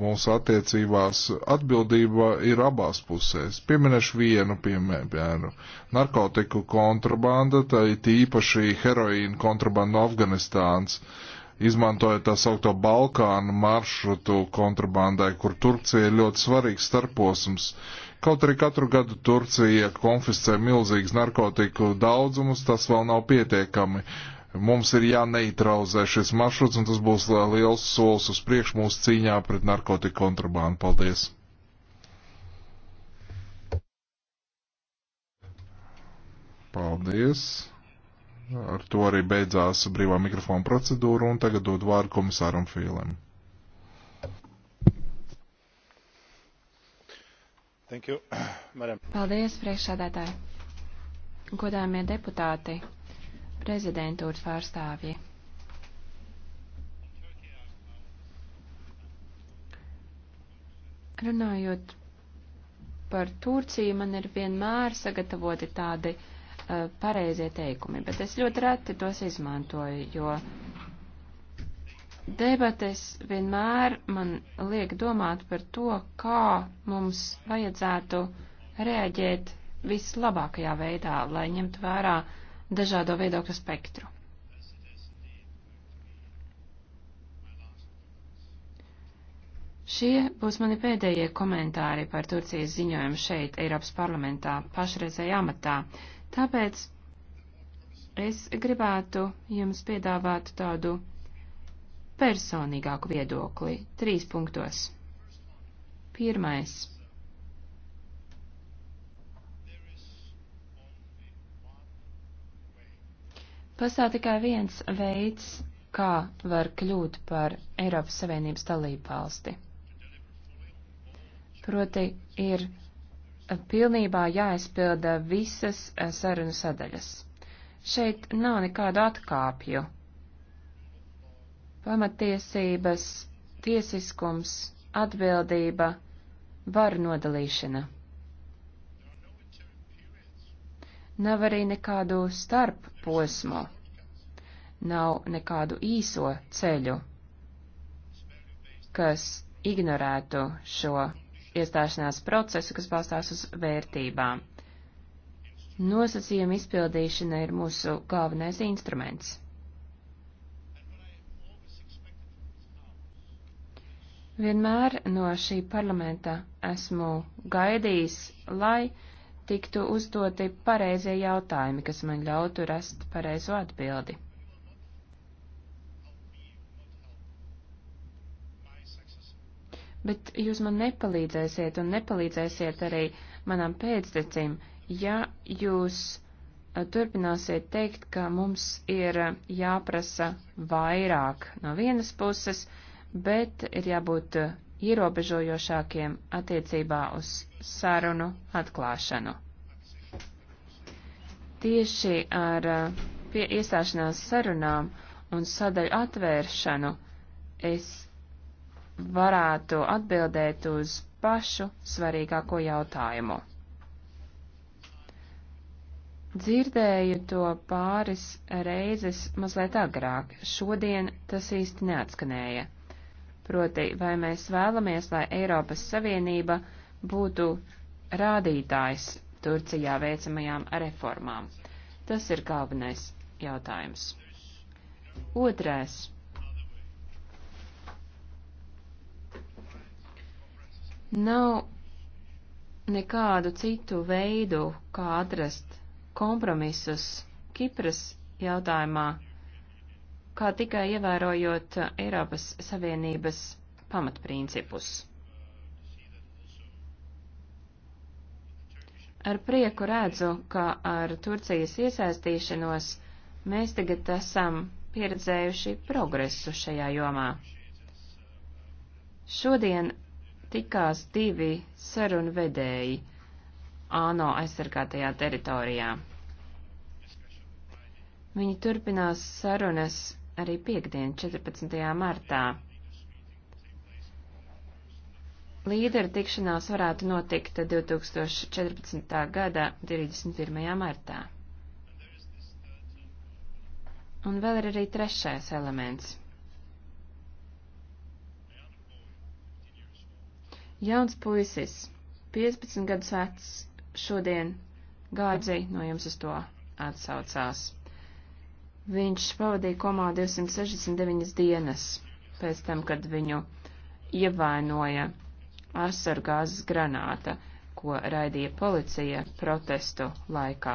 mūsu attiecībās. Atbildība ir abās pusēs. Pieminēšu vienu piemēru. Narkotiku kontrabanda, tā ir tīpaši heroīna kontrabanda no Afganistāns izmantoja tā saucamo Balkānu maršrutu kontrabandai, kur Turcija ir ļoti svarīgs starposms. Kaut arī katru gadu Turcija konfiscē milzīgas narkotiku daudzumus, tas vēl nav pietiekami. Mums ir jāneitralizē šis maršruts, un tas būs liels solis uz priekšu mūsu cīņā pret narkotiku kontrabandu. Paldies! Paldies! Ar to arī beidzās brīvā mikrofona procedūra, un tagad dod vārdu komisāram Fīlēm.
You,
Paldies, priekšsādātāji. Godāmie deputāti, prezidentūras pārstāvji. Runājot par Turciju, man ir vienmēr sagatavoti tādi uh, pareizie teikumi, bet es ļoti reti tos izmantoju, jo uh, debates vienmēr man liek domāt par to, kā mums vajadzētu reaģēt vislabākajā veidā, lai ņemtu vērā dažādo viedokļu spektru. Šie būs mani pēdējie komentāri par Turcijas ziņojumu šeit, Eiropas parlamentā, pašreizējā amatā. Tāpēc es gribētu jums piedāvāt tādu personīgāku viedokli trīs punktos. Pirmais. Pastāv tikai viens veids, kā var kļūt par Eiropas Savienības dalību valsti. Proti ir pilnībā jāizpilda visas eh, sarunu sadaļas. Šeit nav nekādu atkāpju Pamatiesības, tiesiskums, atbildība, varu nodalīšana. Nav arī nekādu starp posmu, nav nekādu īso ceļu, kas ignorētu šo iestāšanās procesu, kas balstās uz vērtībām. Nosacījuma izpildīšana ir mūsu galvenais instruments. Vienmēr no šī parlamenta esmu gaidījis, lai tiktu uzdoti pareizie jautājumi, kas man ļautu rast pareizo atbildi. Bet jūs man nepalīdzēsiet un nepalīdzēsiet arī manam pēctecim, ja jūs eh, turpināsiet teikt, ka mums ir eh, jāprasa vairāk no vienas puses, bet ir jābūt uh, ierobežojošākiem attiecībā uz sarunu atklāšanu. Tieši ar uh, pie iestāšanās sarunām un sadaļu atvēršanu es varētu atbildēt uz pašu svarīgāko jautājumu. Dzirdēju to pāris reizes mazliet agrāk, šodien tas īsti neatskanēja proti vai mēs vēlamies, lai Eiropas Savienība būtu rādītājs Turcijā veicamajām reformām. Tas ir galvenais jautājums. Otrais. Nav nekādu citu veidu, kā atrast kompromisus Kipras jautājumā kā tikai ievērojot Eiropas Savienības pamatprincipus. Ar prieku redzu, ka ar Turcijas iesaistīšanos mēs tagad esam pieredzējuši progresu šajā jomā. Šodien tikās divi sarunu vedēji ANO aizsargātajā teritorijā. Viņi turpinās sarunas arī piekdien, 14. martā. Līdera tikšanās varētu notikt 2014. gada 21. martā. Un vēl ir arī trešais elements. Jauns puisis, 15 gadus vecs, šodien gādzi no jums uz to atsaucās. Viņš pavadīja komā 269 dienas pēc tam, kad viņu ievainoja asargāzes granāta, ko raidīja policija protestu laikā.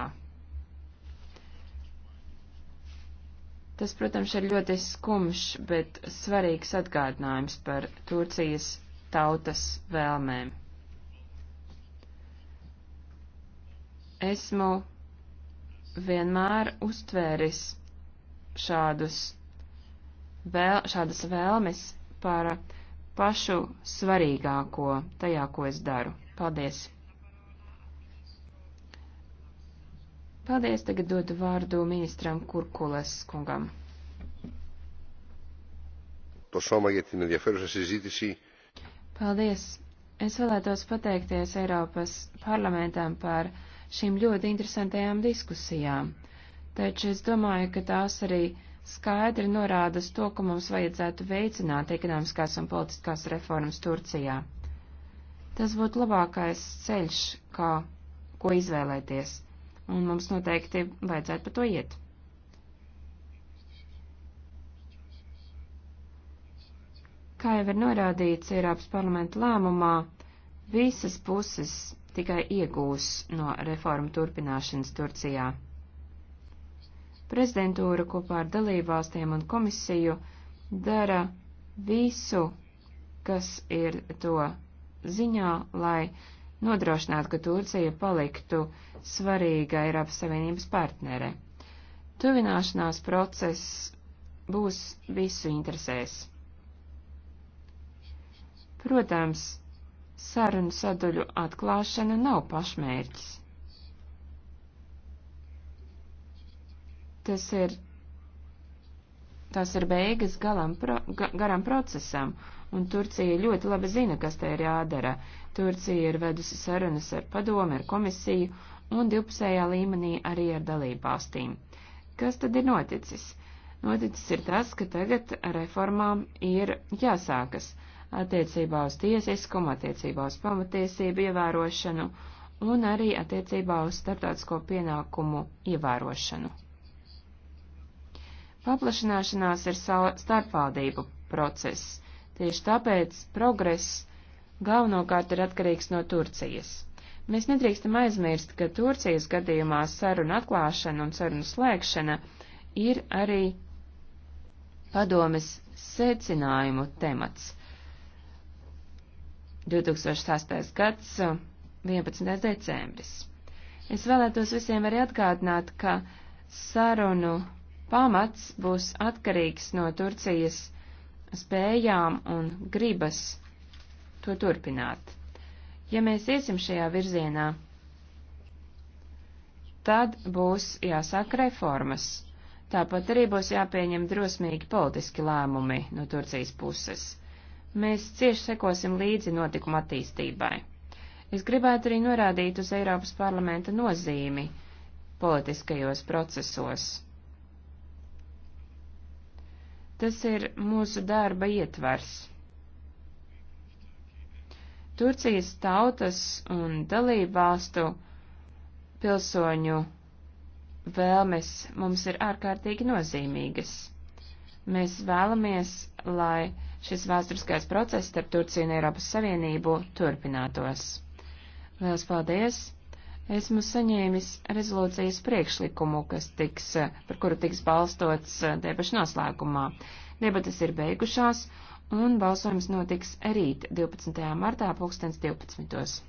Tas, protams, ir ļoti skumšs, bet svarīgs atgādinājums par Turcijas tautas vēlmēm. Esmu vienmēr uztvēris šādus vēl, šādas vēlmes par pašu svarīgāko tajā, ko es daru. Paldies! Paldies, tagad dodu vārdu ministram Kurkulas kungam. Paldies! Es vēlētos pateikties Eiropas parlamentam par šīm ļoti interesantajām diskusijām taču es domāju, ka tās arī skaidri norāda uz to, ka mums vajadzētu veicināt ekonomiskās un politiskās reformas Turcijā. Tas būtu labākais ceļš, kā, ko izvēlēties, un mums noteikti vajadzētu pa to iet. Kā jau ir norādīts Eiropas parlamenta lēmumā, visas puses tikai iegūs no reformu turpināšanas Turcijā. Prezidentūra kopā ar dalībvalstiem un komisiju dara visu, kas ir to ziņā, lai nodrošinātu, ka Turcija paliktu svarīga Eiropas Savienības partnere. Tuvināšanās process būs visu interesēs. Protams, sarunu sadaļu atklāšana nav pašmērķis. Tas ir, tas ir beigas galam pro, ga, garam procesam, un Turcija ļoti labi zina, kas tai ir jādara. Turcija ir vedusi sarunas ar padomu, ar komisiju un divpusējā līmenī arī ar dalībvalstīm. Kas tad ir noticis? Noticis ir tas, ka tagad reformām ir jāsākas attiecībā uz tiesiskumu, attiecībā uz pamatiesību ievērošanu un arī attiecībā uz starptautisko pienākumu ievērošanu. Paplašināšanās ir starpvaldību process, tieši tāpēc progress galvenokārt ir atkarīgs no Turcijas. Mēs nedrīkstam aizmirst, ka Turcijas gadījumā saruna atklāšana un saruna slēgšana ir arī padomes secinājumu temats. 2008. gads, 11. decembris. Es vēlētos visiem arī atgādināt, ka sarunu pamats būs atkarīgs no Turcijas spējām un gribas to turpināt. Ja mēs iesim šajā virzienā, tad būs jāsāk reformas. Tāpat arī būs jāpieņem drosmīgi politiski lēmumi no Turcijas puses. Mēs cieši sekosim līdzi notikuma attīstībai. Es gribētu arī norādīt uz Eiropas parlamenta nozīmi politiskajos procesos. Tas ir mūsu darba ietvers. Turcijas tautas un dalībvalstu pilsoņu vēlmes mums ir ārkārtīgi nozīmīgas. Mēs vēlamies, lai šis vēsturiskais process starp Turciju un Eiropas Savienību turpinātos. Lielas paldies! Esmu saņēmis rezolūcijas priekšlikumu, kas tiks, par kuru tiks balstots debašu noslēgumā. Debatas ir beigušās, un balsojums notiks rīt 12. martā 2012.